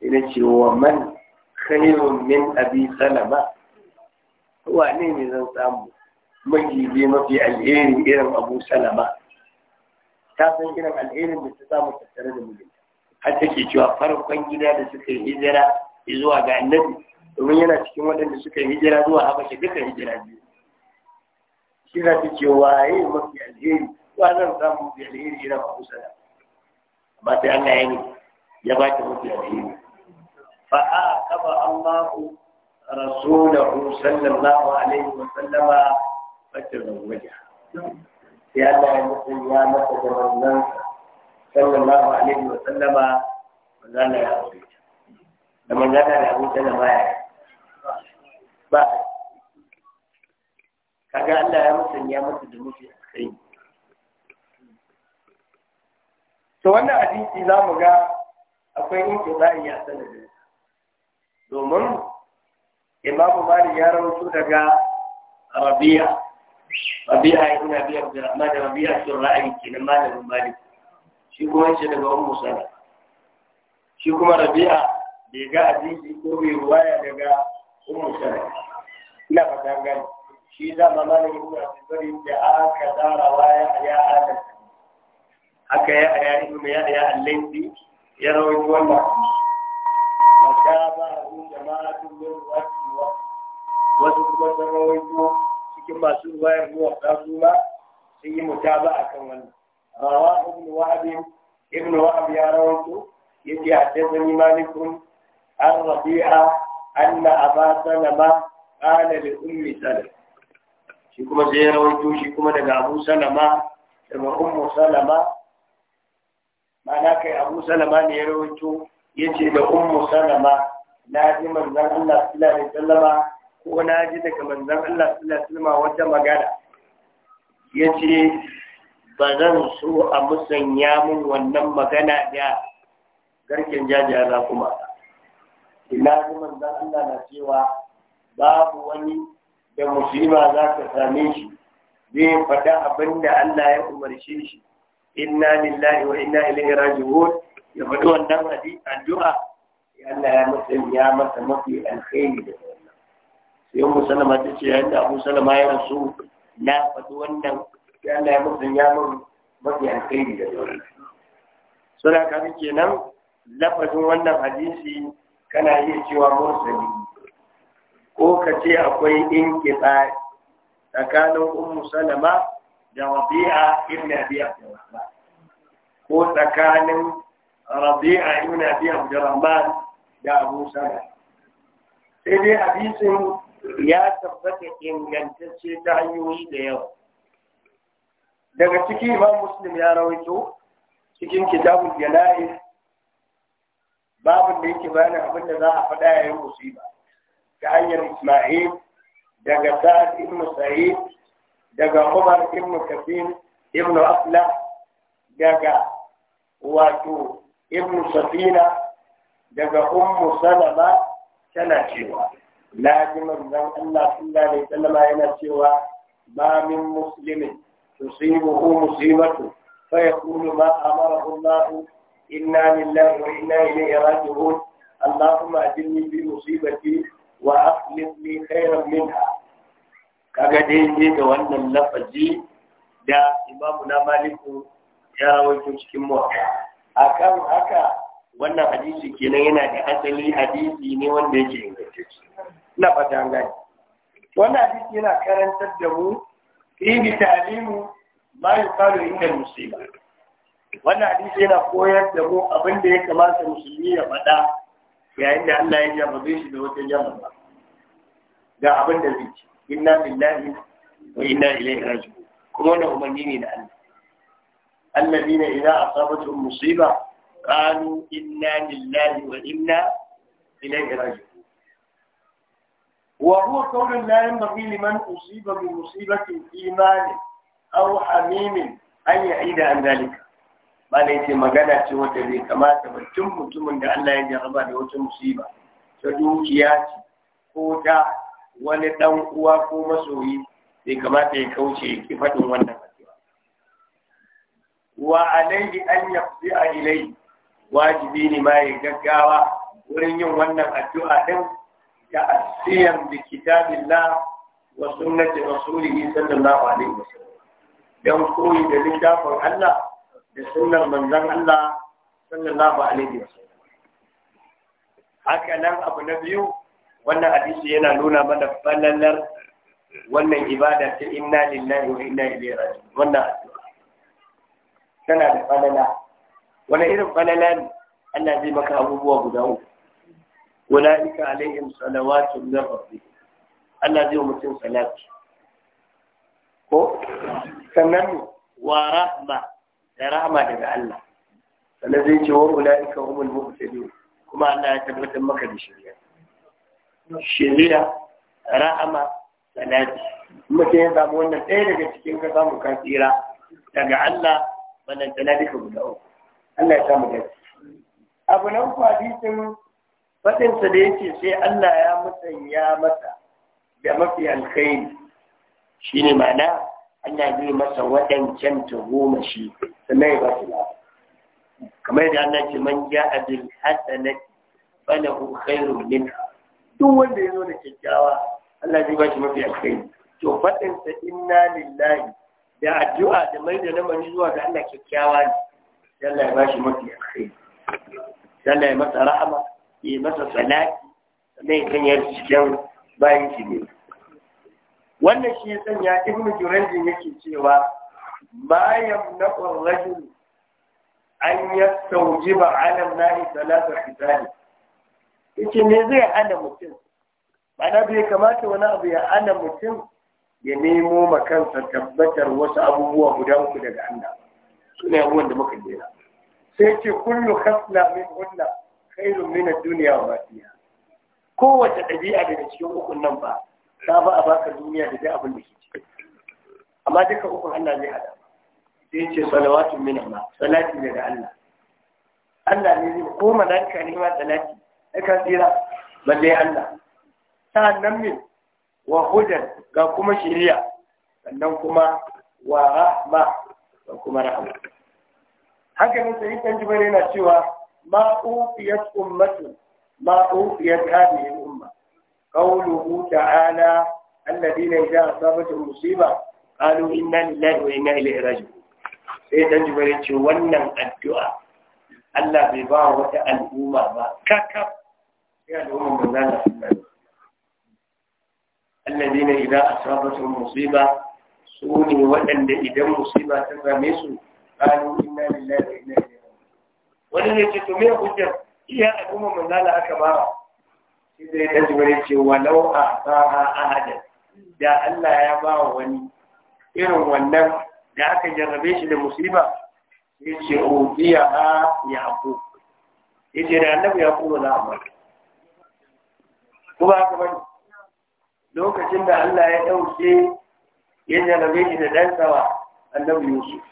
[SPEAKER 1] sai na nace wa man khairun min abi salama wane ne zan samu majibi mafi alheri irin abu salama ta san irin alherin da ta samu tattare da mijinta har take cewa farkon gida da suka yi hijira zuwa ga annabi domin yana cikin waɗanda suka yi hijira zuwa habasha duka hijira biyu shi za ta waye mafi alheri wa zan samu mafi alheri irin abu salama ba sai Allah ya ne ya ba ta mafi alheri فعاقب الله رسوله صلى الله عليه وسلم فتزوجها في أن يقول يا متجوزا صلى الله عليه وسلم وزال يا أبيت لما زال يا أبيت أنا ما بعد kaga Allah ya mutum ya mutu da mutu a kai to wannan hadisi za mu ga akwai yin kizari a sanadin domin imamu malik ya rawaito daga rabi'a rabi'a ya kuna biyar da rahman da rabi'a sun ra'ayi kenan malamin malik shi kuma shi daga wani sana shi kuma rabi'a bai ga hadisi ko bai ruwaya daga wani sana ina fata gani shi da malamin su abdulbari da aka tsara waya ya adalta haka ya ya ibnu ya ya al ya rawaito wannan tabahu jama'atun min rahmuwa wasu kuma sun rawaito cikin masu wayar muwaɗa su ma sun yi mutaba akan wannan rawa ibn wahab ibn wahab ya yake yace haddathani malikun an rabi'a anna aba salama qala da ummi salama shi kuma sai ya rawaito shi kuma daga abu salama daga ummu salama ma'ana kai abu salama ne ya rawaito yace da ummu salama na ji manzon Allah sallallahu alaihi wasallama ko na ji daga manzon Allah sallallahu alaihi wasallama wata magana yace ba zan so a musanya mun wannan magana da garken jajiya za kuma ina ji manzon Allah na cewa babu wani da musulma za ka same shi zai faɗa abinda Allah ya umarce shi inna lillahi wa inna ilaihi raji'un ya faɗi wannan hadi addu'a ya Allah ya masa ya masa mafi alkhairi da wannan sai mu sallama ta ce yayin Abu Salama ya rasu na faɗi wannan ya Allah ya masa ya mafi alkhairi da wannan sura ka kenan lafazin wannan hadisi kana iya cewa mursali ko ka ce akwai inkifa tsakanin ummu salama da rabi'a ibn abi abdurrahman ko tsakanin rabi'a ibn abi abdurrahman da abu sana sai dai hadisin ya tabbata ingantacce ta hanyoyi da yawa daga ciki imam muslim ya rawaito cikin Kitabun jana'iz babin da yake bayanin abin da za a faɗa yayin musiba ta hanyar isma'il daga sa'ad ibn sa'id daga umar ibn kafin ibn afla daga wato ibn safina daga ummu salama tana cewa na ji manzon Allah sallallahu alaihi wasallam yana cewa ba min muslimin tusibuhu musibatu fa yaqulu ma amarahu Allah inna lillahi wa inna ilayhi raji'un اللهم أجلني في مصيبتي وأخلف لي خيرا منها
[SPEAKER 2] kaga dai ne da wannan
[SPEAKER 1] lafazi da Imamuna na maliku ya rawaito cikin muwatta akan haka wannan hadisi kenan yana da asali hadisi ne wanda yake ingantacce ina fata gani wannan hadisi yana karantar da mu
[SPEAKER 2] fi ta'limu
[SPEAKER 1] ma yuqalu inda musulmi. wannan hadisi yana koyar da mu abin da ya kamata musulmi ya faɗa yayin da Allah ya jarrabe shi da wata ba, ga abin da zai ci inna lillahi wa inna ilaihi raji'un kuma wannan umarni ne da Allah الذين إذا أصابتهم مصيبة قالوا إنا لله وإنا إليه راجعون وهو قول لا ينبغي لمن أصيب بمصيبة في مال أو حميم أن يعيد عن ذلك ما ليس مجانا سوى تبي كما تبتم متم أن لا يجرب لوت مصيبة تدوكيات كوتا wani ɗan قوم سوي لكما تيكوشي kamata ya wa alaihi an yaqdi ilai wajibi ne ma ya gaggawa wurin yin wannan addu'a din ta asiyan bi kitabillah wa sunnati rasulih sallallahu alaihi wasallam dan koyi da littafin Allah da sunnar manzon Allah sallallahu alaihi wasallam haka nan abu na biyu wannan hadisi yana nuna mana falalar wannan ibada ta inna lillahi wa inna ilaihi raji'un wannan addu'a tana da falala wani irin falala ne Allah zai maka abubuwa guda uku ulaika alaihim salawatu min rabbih Allah zai mutum salati ko sannan wa rahma da rahma daga Allah
[SPEAKER 2] sannan zai ce wa
[SPEAKER 1] ulaika humul muhtadin kuma Allah ya tabbatar maka da shari'a shari'a rahama salati mutum ya samu wannan ɗaya daga cikin ka samu kasira daga Allah wannan tana duka guda uku Allah ya samu gaske abu nan ku hadisin faɗinsa da yake sai Allah ya musanya masa da mafi alkhairi shine ma'ana Allah zai masa waɗancan goma shi sannan ya ba su lafi kamar da Allah ce man ja abin hasanati falahu khairu min duk wanda ya zo da kyakkyawa Allah zai ba shi mafi alkhairi to faɗinsa inna lillahi da addu'a da mai da mani zuwa ga Allah kyakkyawa ne Allah ya bashi mafi kai Allah ya masa rahama ya masa salati sannan ya sanya cikin bayan shi ne wannan shi ya sanya ibn jurayj yake cewa ma na ar-rajul an yastawjiba 'ala an-nari thalatha qitali yace me zai hana mutum ba bai kamata wani abu ya hana mutum ya nemo ma kansa tabbatar wasu abubuwa guda uku daga Allah sune abubuwan da muka jera sai ce kullu khasla min hunna khairun min ad-dunya wa ma kowace ɗabi'a daga cikin ukun nan ba ta ba a baka duniya da duk abin da ke ciki amma duka ukun Allah zai hada sai ce salawatu min Allah salati daga Allah Allah ne zai ko malaika ne ma salati ka tsira balle Allah sa'annan ne wa hudan ga kuma shiriya sannan kuma wa rahma da kuma rahama haka ne sai kan jibar yana cewa ma ufiyat ummatu ma ufiyat hadhihi umma qawluhu ta'ala alladheena idza asabatuhum musiba qalu inna lillahi wa inna ilaihi raji'un sai dan jibar ce wannan addu'a Allah bai ba wata al'umma ba kakaf sai al'umma manzon Allah allazina idza asabatuhum musiba su ne waɗanda idan musiba ta same su qalu inna lillahi wa inna ilaihi raji'un wani ne ce to me hujjar iya al'umma manzala aka ba shi zai ta jibare ce walau a sa'a ahada da Allah ya ba wa wani irin wannan da aka jarrabe shi da musiba ya ce ubiya ha yaqub ya ce da annabi yaqub la amma ko ba haka bane lokacin da Allah ya ɗauke ya jarabe shi da ɗan tsawa annabi Yusuf.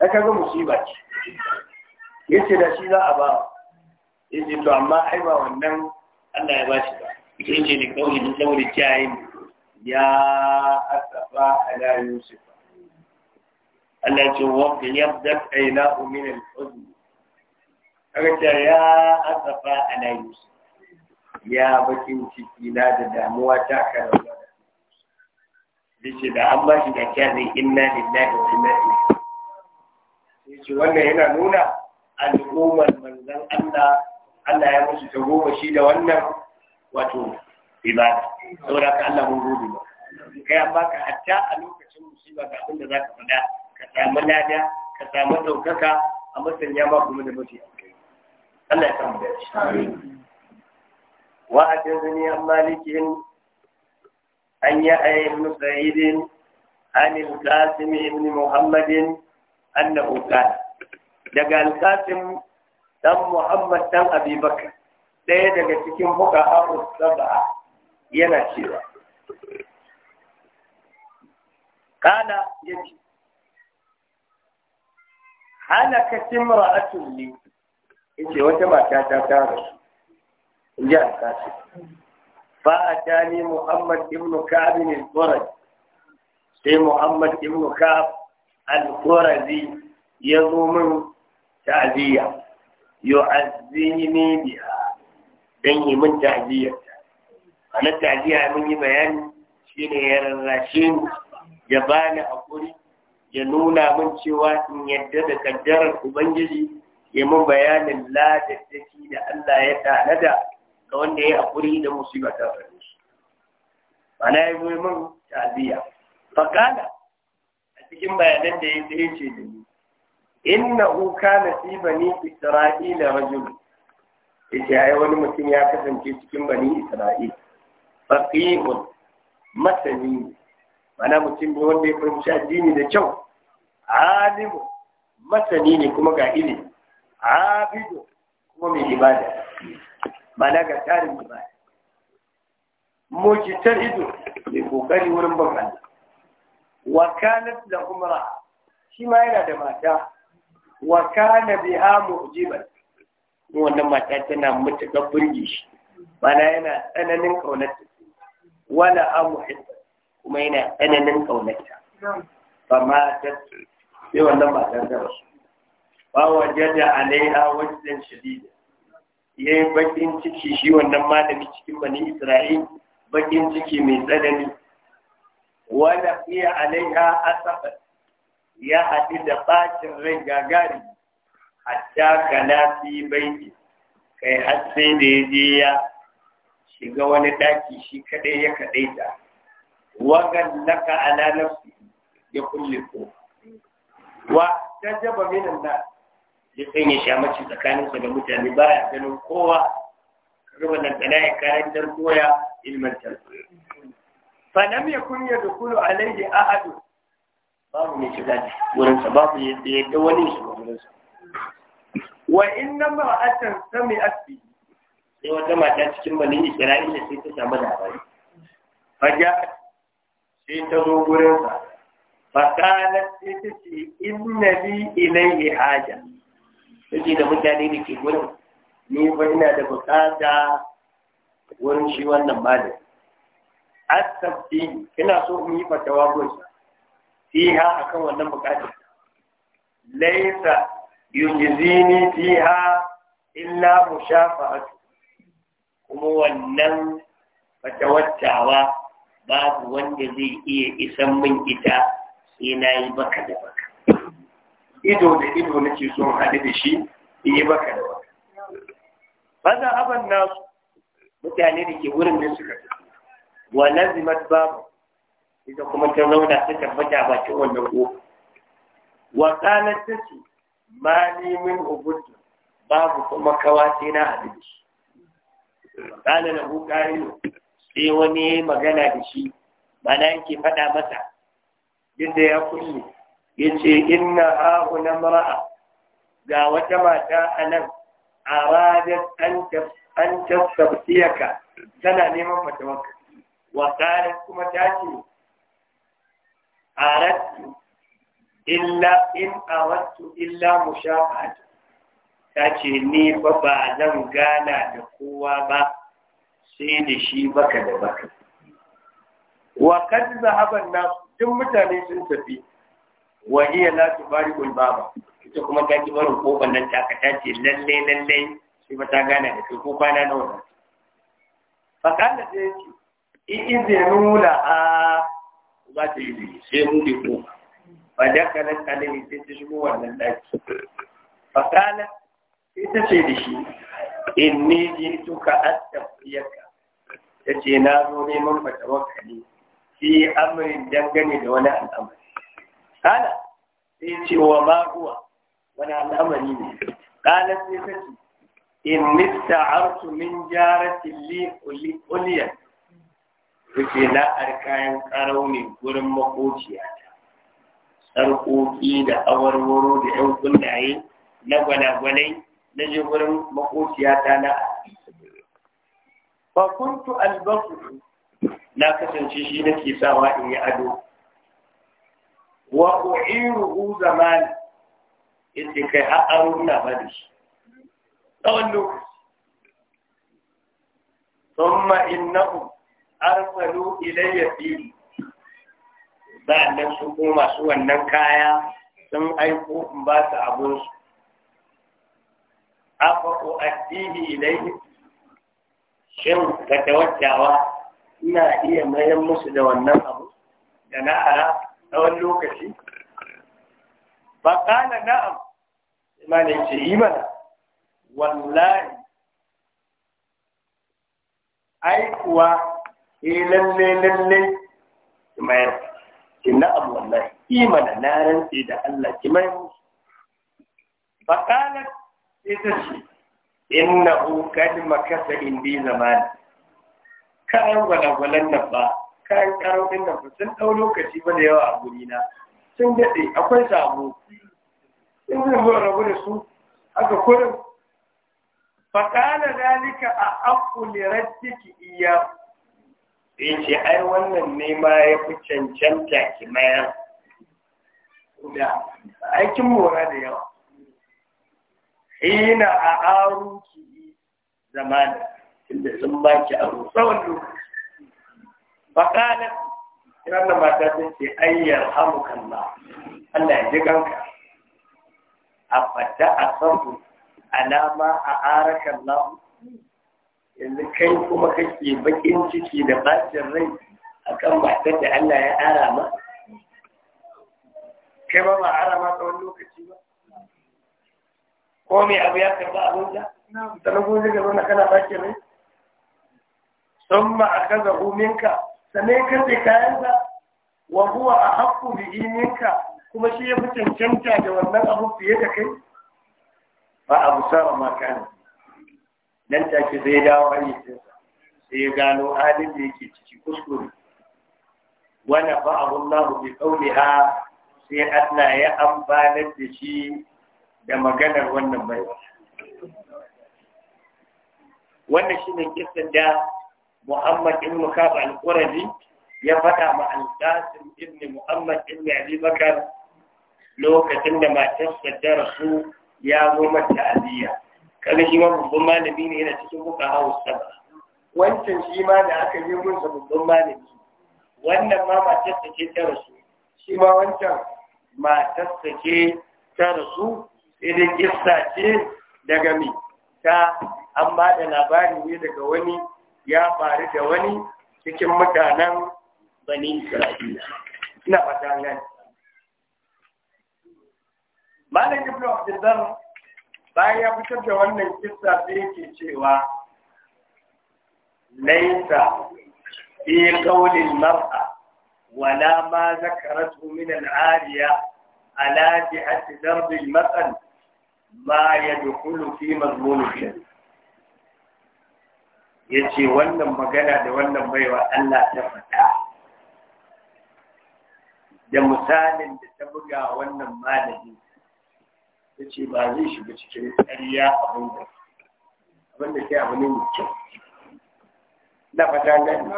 [SPEAKER 1] Ya kaga musiba ce. Ya ce da shi za a ba ya ce to amma ai ba wannan Allah ya ba shi ba. Ya ce ne kawai da wuri kiyayen ya asafa ala Yusuf. Allah ce wa yabdat ayna min al-huzn. Kaga ya asafa ala Yusuf. ya bakin ciki na da damuwa ta karama da ce da an ba shi da kyarri inna lillahi wa inna ilaihi ce wannan yana nuna al'ummar manzon Allah Allah ya musu ta goma shi da wannan wato ibada saboda ka Allah mun gode ba kai an baka hatta a lokacin musiba ga abin da zaka faɗa ka samu lada ka samu ɗaukaka a masanya ba kuma da mafi Allah ya samu amin وحدثني عن مالك أن يحيى بن سعيد عن القاسم بن محمد أنه كان دقى القاسم دم محمد دم أبي بكر ɗaya daga cikin buga haru saba'a yana cewa kala ya ce halaka timra'atun ne ce wata mata ta tara su in ji hasashi fa'ata ne muhammad ibn ka'ab ne tsoron sai muhammad ibn ka'ab al-qurazi ya zo min ta'aziyya ta'ziya yu'azzini biha don yi min ta'ziya ana ta'ziya mun yi bayani ne ya rarrashe ni ya bani hakuri ya nuna min cewa in yadda da kaddarar ubangiji ya mun bayanin ladar da Allah ya tanada ga wanda ya yi haƙuri da musiba ta same shi mana ya yi man ta'aziyya fakala a cikin bayanan da ya tsaye ce da ni innahu kana fi bani isra'ila rajul yace ai wani mutum ya kasance cikin bani isra'ila faqihun masani mana mutum ne wanda ya fahimci addini da kyau alimu masani ne kuma ga ilimi abidu kuma mai ibada mana ga tarin ibada ido mai kokari wurin ban Allah wa kanat da umra shi ma yana da mata wa kana biha mu'jiban wannan mata tana mutuƙar burge shi mana yana tsananin kaunarta wala amu kuma yana tsananin kaunarta ba ma ta sai wannan mata ta rasu ba wajen da alaiha wajen shadida ya yi bakin ciki shi wannan malami cikin bani isra'il bakin ciki mai tsanani wanda fiye alaiha asabar ya haɗu da ɓacin rai gagari taka na fi baiti kai har sai da ya je ya shiga wani ɗaki shi kaɗai ya kaɗai ta wagan naka ala nafsi ya kulle ko wa ta jaba minan nan ya sanya shamaci tsakaninsa da mutane ba ya ganin kowa kaga wannan tana ya karantar koya tarbiyya fa lam yakun yadkhulu alayhi ahad babu mai shiga wurin sa babu yadda wani shiga wurin sa wa inna ma'atan sami'at bi sai wata mata cikin bani Isra'ila sai ta samu labari faja sai ta zo gurin sa fa kana sai ta ce inna bi ilayhi haja yake da mutane da ke gurin ni ba ina da bukata wurin shi wannan malami asabti ina so in yi fatawa gunsa fiha akan wannan buƙatar. laisa yujizini fiha illa mushafa'atu kuma wannan fatawattawa babu wanda zai iya isan min ita sai na yi baka da baka ido da ido na ke son haɗu da shi in yi baka da baka a aban nasu mutane da ke wurin da suka wa lazimat babu ita kuma ta zauna ta tabbata bakin wannan kofa wa ta ce, ma li min babu kuma kawa sai na abinci da lahu qarin sai wani magana da shi mana yake faɗa mata yadda ya kulle yace inna na mar'a ga wata mata anan aradat an an tasabtiyaka tana neman fatawarka wa qalat kuma ta ce aradtu illa in aradtu illa ta ce ni ba ba zan gana da kowa ba sai da shi baka da baka wa kan zahaban nasu, duk mutane sun tafi Waje wahiya la kun baba ita kuma ka ki barin kofar nan ta ka tace lalle lalle sai ba ta gane da kai ko kwana nawa fa kana da yake in zai nuna a ba ta yi sai mu di ko fa da kana alai sai ta shigo wannan daki fa kana ita ce da shi inni jituka astafiyaka ce na zo neman fatawarka ne fi amrin dangane da wani al'amari kala sai ce wa ma huwa wani al'amari ne kala sai ta ce in arsu min jaratin li uliyan kuke la'ar kayan karau ne gurin makociyata sarƙoƙi da awarwaro da yan kunnaye na gwanagwanai na je gurin makociyata na fa kuntu albasu na kasance shi nake sawa in yi ado wa u'iruhu zaman inda kai har aro ina ba da shi tsawon lokaci thumma innahum arsalu ilayya fi sa'annan su ko masu wannan kaya sun aiko in ba su abun su afa addini ilayhi shin ka tawaccawa ina iya mayar musu da wannan abu da na tsawon lokaci ba ƙana na'am imanin ce yi mana wallahi aikuwa kuwa eh lalle lalle imanin, ki na'am wallahi mana na rantse da Allah musu. ba ƙana ce ta ce innahu kad makasa indi zamani, ka’an gwalagwalan nan ba kayan karo din nan sun dau lokaci ba da yawa a guri na sun dade akwai sabo in zan zo rabu da su haka kurin fakala dalika a aqu li raddiki iya sai ce ai wannan ne ma ya fi cancanta ki mayar da aikin mora da yawa hina a aruki zamani tunda sun baki aro tsawon lokaci faƙalar ina da mata sun ce ayyar hamukan ba Allah ya ji ganka a fata a sabu alama a arakan na. yanzu kai kuma kake bakin ciki da bacin rai akan mata da Allah ya ara ma kai ba ba ara ma tsawon lokaci ba ko me abu ya karba abin da sannan kuma zai gaba na kana bacin rai sun ma a kaza minka sannan ka ce kayansa wa huwa a haƙƙu bihi minka kuma shi ya fi cancanta da wannan abu fiye da kai ba abu sara ma kan nan take ce zai dawo hayyacinsa sai ya gano halin da yake ciki kuskure wani ba abu lahu bi qawliha sai Allah ya amfanar da shi da maganar wannan baiwa wannan shine kisan da Muhammad ibn Ka'ab al-Qurazi ya faɗa ma al-Qasim ibn Muhammad ibn Abi Bakar lokacin da matarsa ta rasu ya goma mata aziya kaga shi ma babban malami ne yana cikin buka Hausa. saba wancan shi ma da aka yi mun sa babban malami wannan ma matarsa ce ta rasu shi ma wancan matarsa ce ta rasu sai dai kissa ce daga mi ta amma da labari ne daga wani ya faru da wani
[SPEAKER 2] cikin mutanen
[SPEAKER 1] bani Isra'ila. Ina fata gani. Malam Ibn Abdullah bayan ya fitar da wannan kissa sai yake cewa laisa fi qawlil mar'a wala ma zakaratu min al-ariya ala jihati darb al-matan ma yadkhulu fi mazmun al ya ce wannan magana da wannan baiwa Allah ta fata. da misalin da ta buga wannan malami ta ce ba zai shiga cikin ƙarya abin da abin da ke abu ne mai kyau na fata gani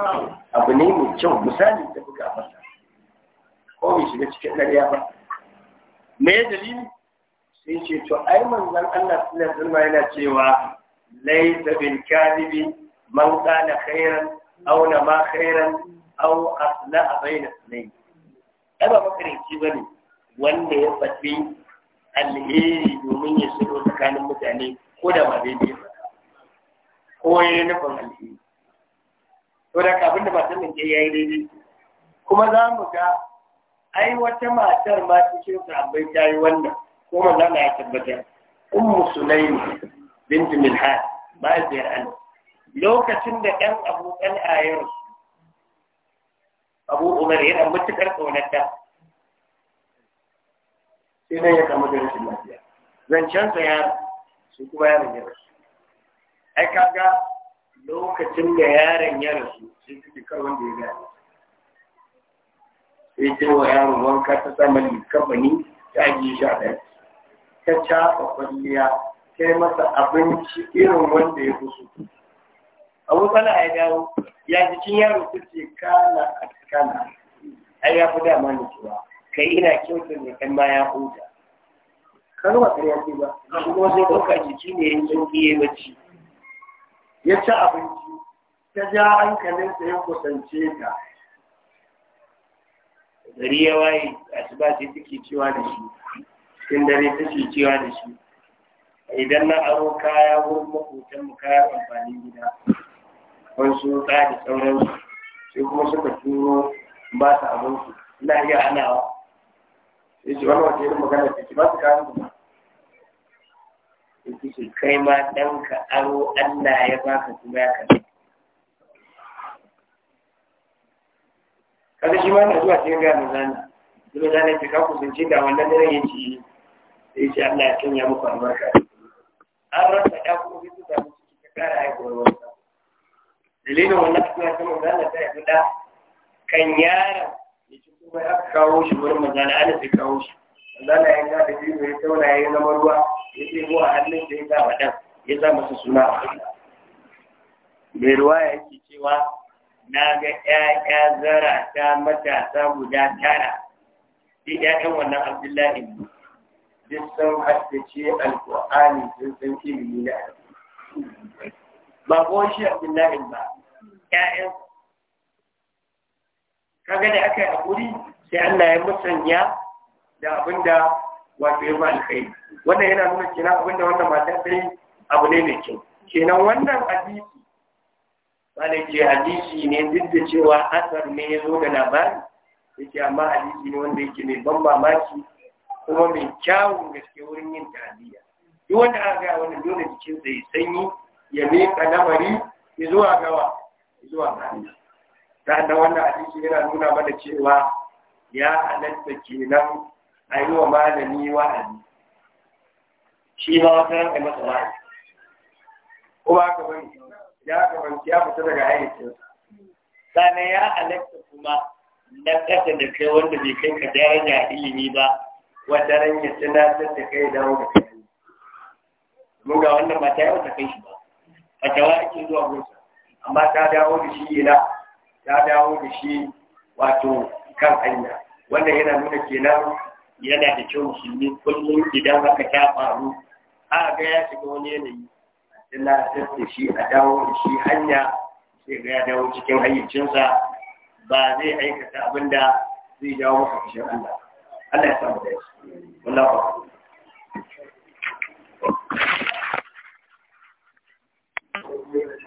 [SPEAKER 1] abu ne mai kyau misalin ta buga masa ko bai shiga cikin ƙarya ba me dalili sai ce to ai manzon Allah sallallahu alaihi wasallam yana cewa laysa bil kadhibi man kana khairan aw na ma khairan aw asla baina sunayn ai ba makarinci bane wanda ya faɗi alheri domin ya shigo tsakanin mutane ko da ba daidai ba ko ya yi nufin alheri to da kafin da matan nan ya yi dai-dai. kuma za mu ga ai wata matar ma cikin sahabbai ta yi wannan ko manzo na ya tabbata ummu sulaim bint milhad ba biyar Allah lokacin da ɗan abu ɗan ya rasu abu umar yana matuƙar ƙaunar sai nan ya kama da rashin lafiya zancensa ya su kuma yaron ya rasu ai kaga lokacin da yaron ya rasu sai fi kar wanda ya gane sai ce wa yaron wanka ta sama kamfani ta ajiye shi a ɗaya ta cafa kwalliya sai masa abinci irin wanda ya fi su. abu a ya dawo ya jikin yaro su ce kana a kana ai ya fi dama ne cewa kai ina kyautar da kan ma ya huta kano ba kare ce ba shi kuma sai ɗauka jiki ne ya sauki ya bacci ya ci abinci ta ja hankalinsa ya kusance ta gari ya waye asuba ce take cewa da shi cikin dare take cewa da shi idan na aro kaya wurin makotan mu kayan amfanin gida sun tsaya da sauransu sai kuma suka turo ba su abinsu ina iya hanawa sai ce wani wata irin magana ce ba su kawo ba sai ce kai ma ɗanka aro Allah ya baka kuma ya kaɗa kaga shi ma na zuwa cikin gami zana zuwa zana ce ka kusanci da wannan daren ya ci sai ce Allah ya kanya muku albarka an rasa ɗa kuma fi su samu ciki ta ƙara haihuwar wata dalilin wannan suna ta manzo ta yi da kan yaron ya ci kuma ya kawo shi wurin manzo ana Allah sai kawo shi manzo ya ga da jiwo ya tauna ya yi na ruwa ya ce ko a hannun da ya ga wadan ya sa masa suna mai ruwa ya ce cewa na ga ƴaƴa zara ta matasa guda tara sai ƴaƴan wannan Abdullahi ne duk sun haddace alƙur'ani sun san ilimi na ba ko shi Abdullahi ba ƴaƴan kaga da aka yi hakuri sai Allah ya musanya da abinda wato ya ba alkhairi wannan yana nuna kenan abinda wannan mata sai abu ne mai kyau kenan wannan hadisi wani ce hadisi ne duk da cewa asar ne ya zo da labari yake amma hadisi ne wanda yake mai ban mamaki kuma mai kyawun gaske wurin yin ta'aziyya duk wanda aka ga wannan dole jikin sai sanyi ya miƙa zuwa gawa zuwa ta da wannan hadisi yana nuna mana cewa ya halatta kenan a yi wa malami wa'azi shi ma wata yanka masa wa'azi kuma haka bari ya kamanci ya fita daga hayyacinsa sannan ya halatta kuma na ƙasa da kai wanda bai kai ka daraja ilimi ba wata ran ya tunatar da kai dawo da kai mun ga wannan ba ta yau ta kai shi ba a ake zuwa gunsa amma ta dawo da shi yana ta dawo da shi wato kan hanya wanda yana nuna kenan yana da kyau musulmi kullum idan haka ta faru a ga ya shiga wani yanayi na da shi a dawo da shi hanya sai ga ya dawo cikin hayyacinsa ba zai aikata abin da zai jawo masa kashin Allah Allah ya samu da shi wallahi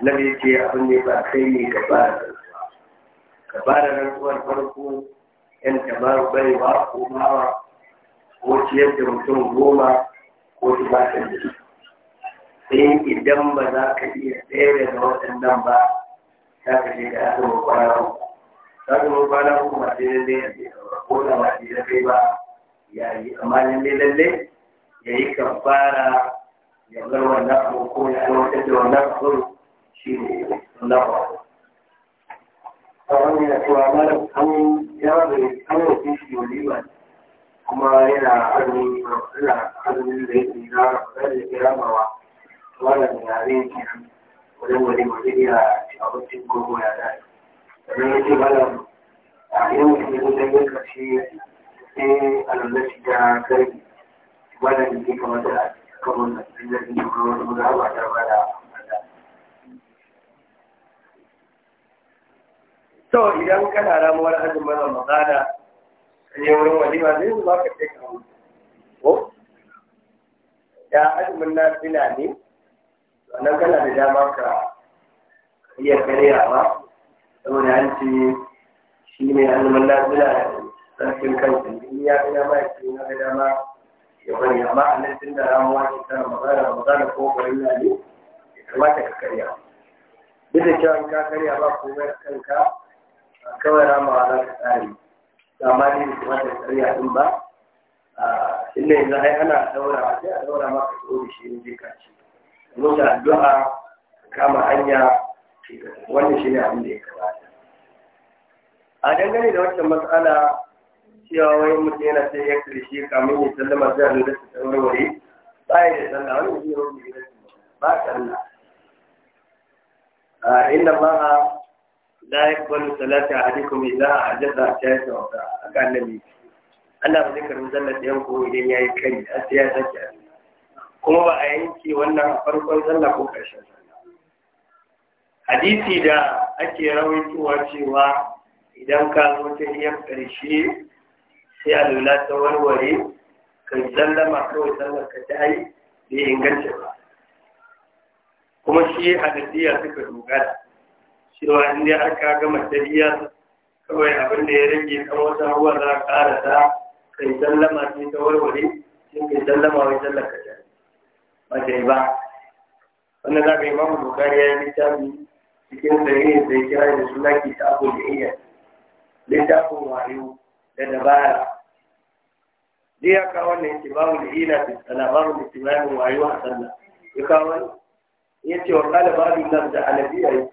[SPEAKER 1] nabi ya ce abin ne ba kai ne ka fara rantsuwa ka fara rantsuwar farko yan tabaru baiwa ko mawa ko ciyar da mutum goma ko tumatar da su sai idan ba za ka iya tsere da waɗannan ba za ka je ka azumin kwana za uku azumin kwana uku ba sai lallai ko da ba sai kai ba ya yi amma lallai lallai ya yi kafara ya bar wannan abu ko ya aiwatar da wannan abu shi shi kuma yana azumi yana azumin da yake na zai kiramawa malam ya zai kenan wajen walima zai iya abincin gogo ya dai sannan ya ce malam a yau ne zai yi karshe sai alamlaci ta karfi malam ne kamata a kamar da zai yi kamar wani mazaba ta bada so idan kana ramuwar hajji mana magana ka je wurin walima zai zuwa ka ce ka ko ya azumin na fina ne Wannan kana da dama ka iya ba saboda an ce shi ne azumin na fila sarkin kansa in ya fi dama ya ce na fi dama ya bari amma a nan tun da ramuwa ce ta magana magana ko kwarin ne ya kamata ka karya duk da cewa ka karya ba komai kanka kawai ramawa za ka tsari amma ne da wata tsariya din ba inda yanzu ai ana daura sai a daura maka tsoro da shi ne zai kaci musu addu'a kama hanya wannan shi ne abin da ya kamata a dangane da wancan matsala cewa wai mutum yana sai ya karshe kamun ya sallama zai rinda ba tsawarware tsaye da sallama wani mutum ne wani ba sallah inda ba la yaqbalu salata ahadikum idza ajaza shaytan haka annabi Allah ba zai karbi sallar ɗayan ko idan yayi kai a sai ya sake kuma ba a yanke wannan a farkon sallah ko karshen. sallah hadisi da ake rawaitowa cewa idan ka zo ta iya ƙarshe sai a lula ta warware ka sallama kawai sallar ka ta yi bai inganta ba kuma shi hadisiya suka dogara cewa in dai aka gama tariya kawai abin da ya rage kan wata ruwa za a ƙara ta kai sallama sai ta warware sai kai sallama wai sallaka ta ba ta yi ba wannan za ka yi mamu dokar ya yi littafi cikin da sai kira da suna ke ta abu da iya littafin wayo da dabara zai ya kawo wannan yake babu da ila fi sana babu da tsibirin wayo a sallah ya kawo ya ce wa kala babu nan da alabiya yake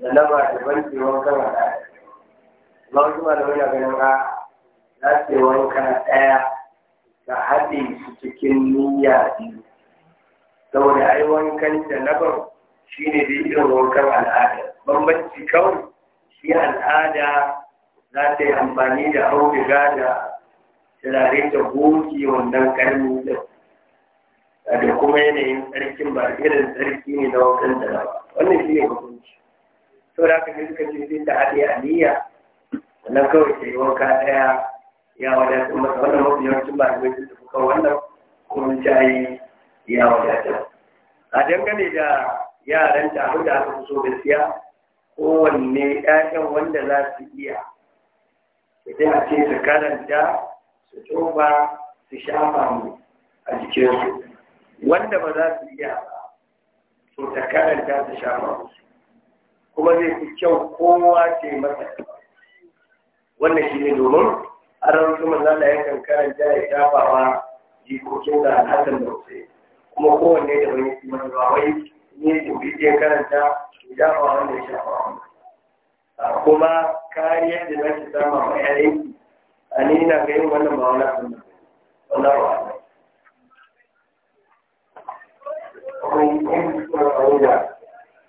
[SPEAKER 1] da nama da wankan haɗa amma wasu malamai na ganin a za su yi wanka ɗaya da haɗe su cikin niyya biyu saboda ai wankan shi ne da irin wankan al'ada bambanci kawai shi al'ada za ta yi amfani da auduga da turare ta goge wannan karni da da kuma yanayin tsarkin ba irin tsarki ne na wankan ba wannan shi ne hukunci to da aka ji suka ce din da hadiya aliyya wannan kawai ta yi ka daya ya wadatar masa wannan mafi yawancin ba da mai su tafi kan wannan kuma ci a yi ya wadatar a dangane da yaran ta abin da aka so gaskiya kowanne ƴaƴan wanda za su iya idan a ce su karanta su toba su shafa mu a jikinsu wanda ba za su iya ba to ta karanta su shafa musu kuma zai fi kyau kowa ce masa wannan shi ne domin an rarrasu manzala yankan karanta ya shafawa jikokin da alhassan da wuce kuma kowanne da wani kuma ba wai ne jikoki ya karanta ya shafa wanda ya shafa wanda kuma kariyar da zaki sama ma yayin a ni na ga yin wannan ba wani abin da wannan ba wani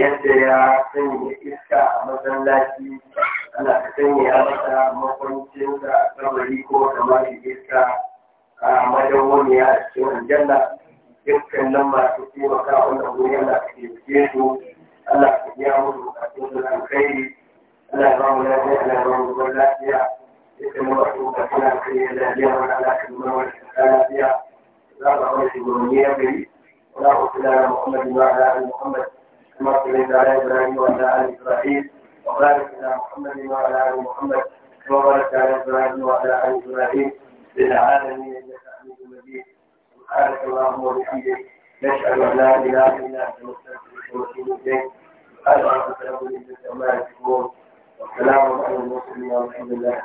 [SPEAKER 1] yadda ya sanya iska a masallaci ana ka sanya ya masa makwancinsa a ko kamar iska a madawwamiya a cikin aljanna dukkan nan masu taimaka wanda wuri ana ka taimake su ana ka biya musu bukatun su alkhairi ana ba mu lafiya ana ba mu zuwan lafiya dukkan nan masu bukatun alkhairi ya biya wani ana ka nuna wani lafiya za mu wani shugabanni ya gari ولا أقول محمد وعلى آل muhammadu da Allah'a emanet olun.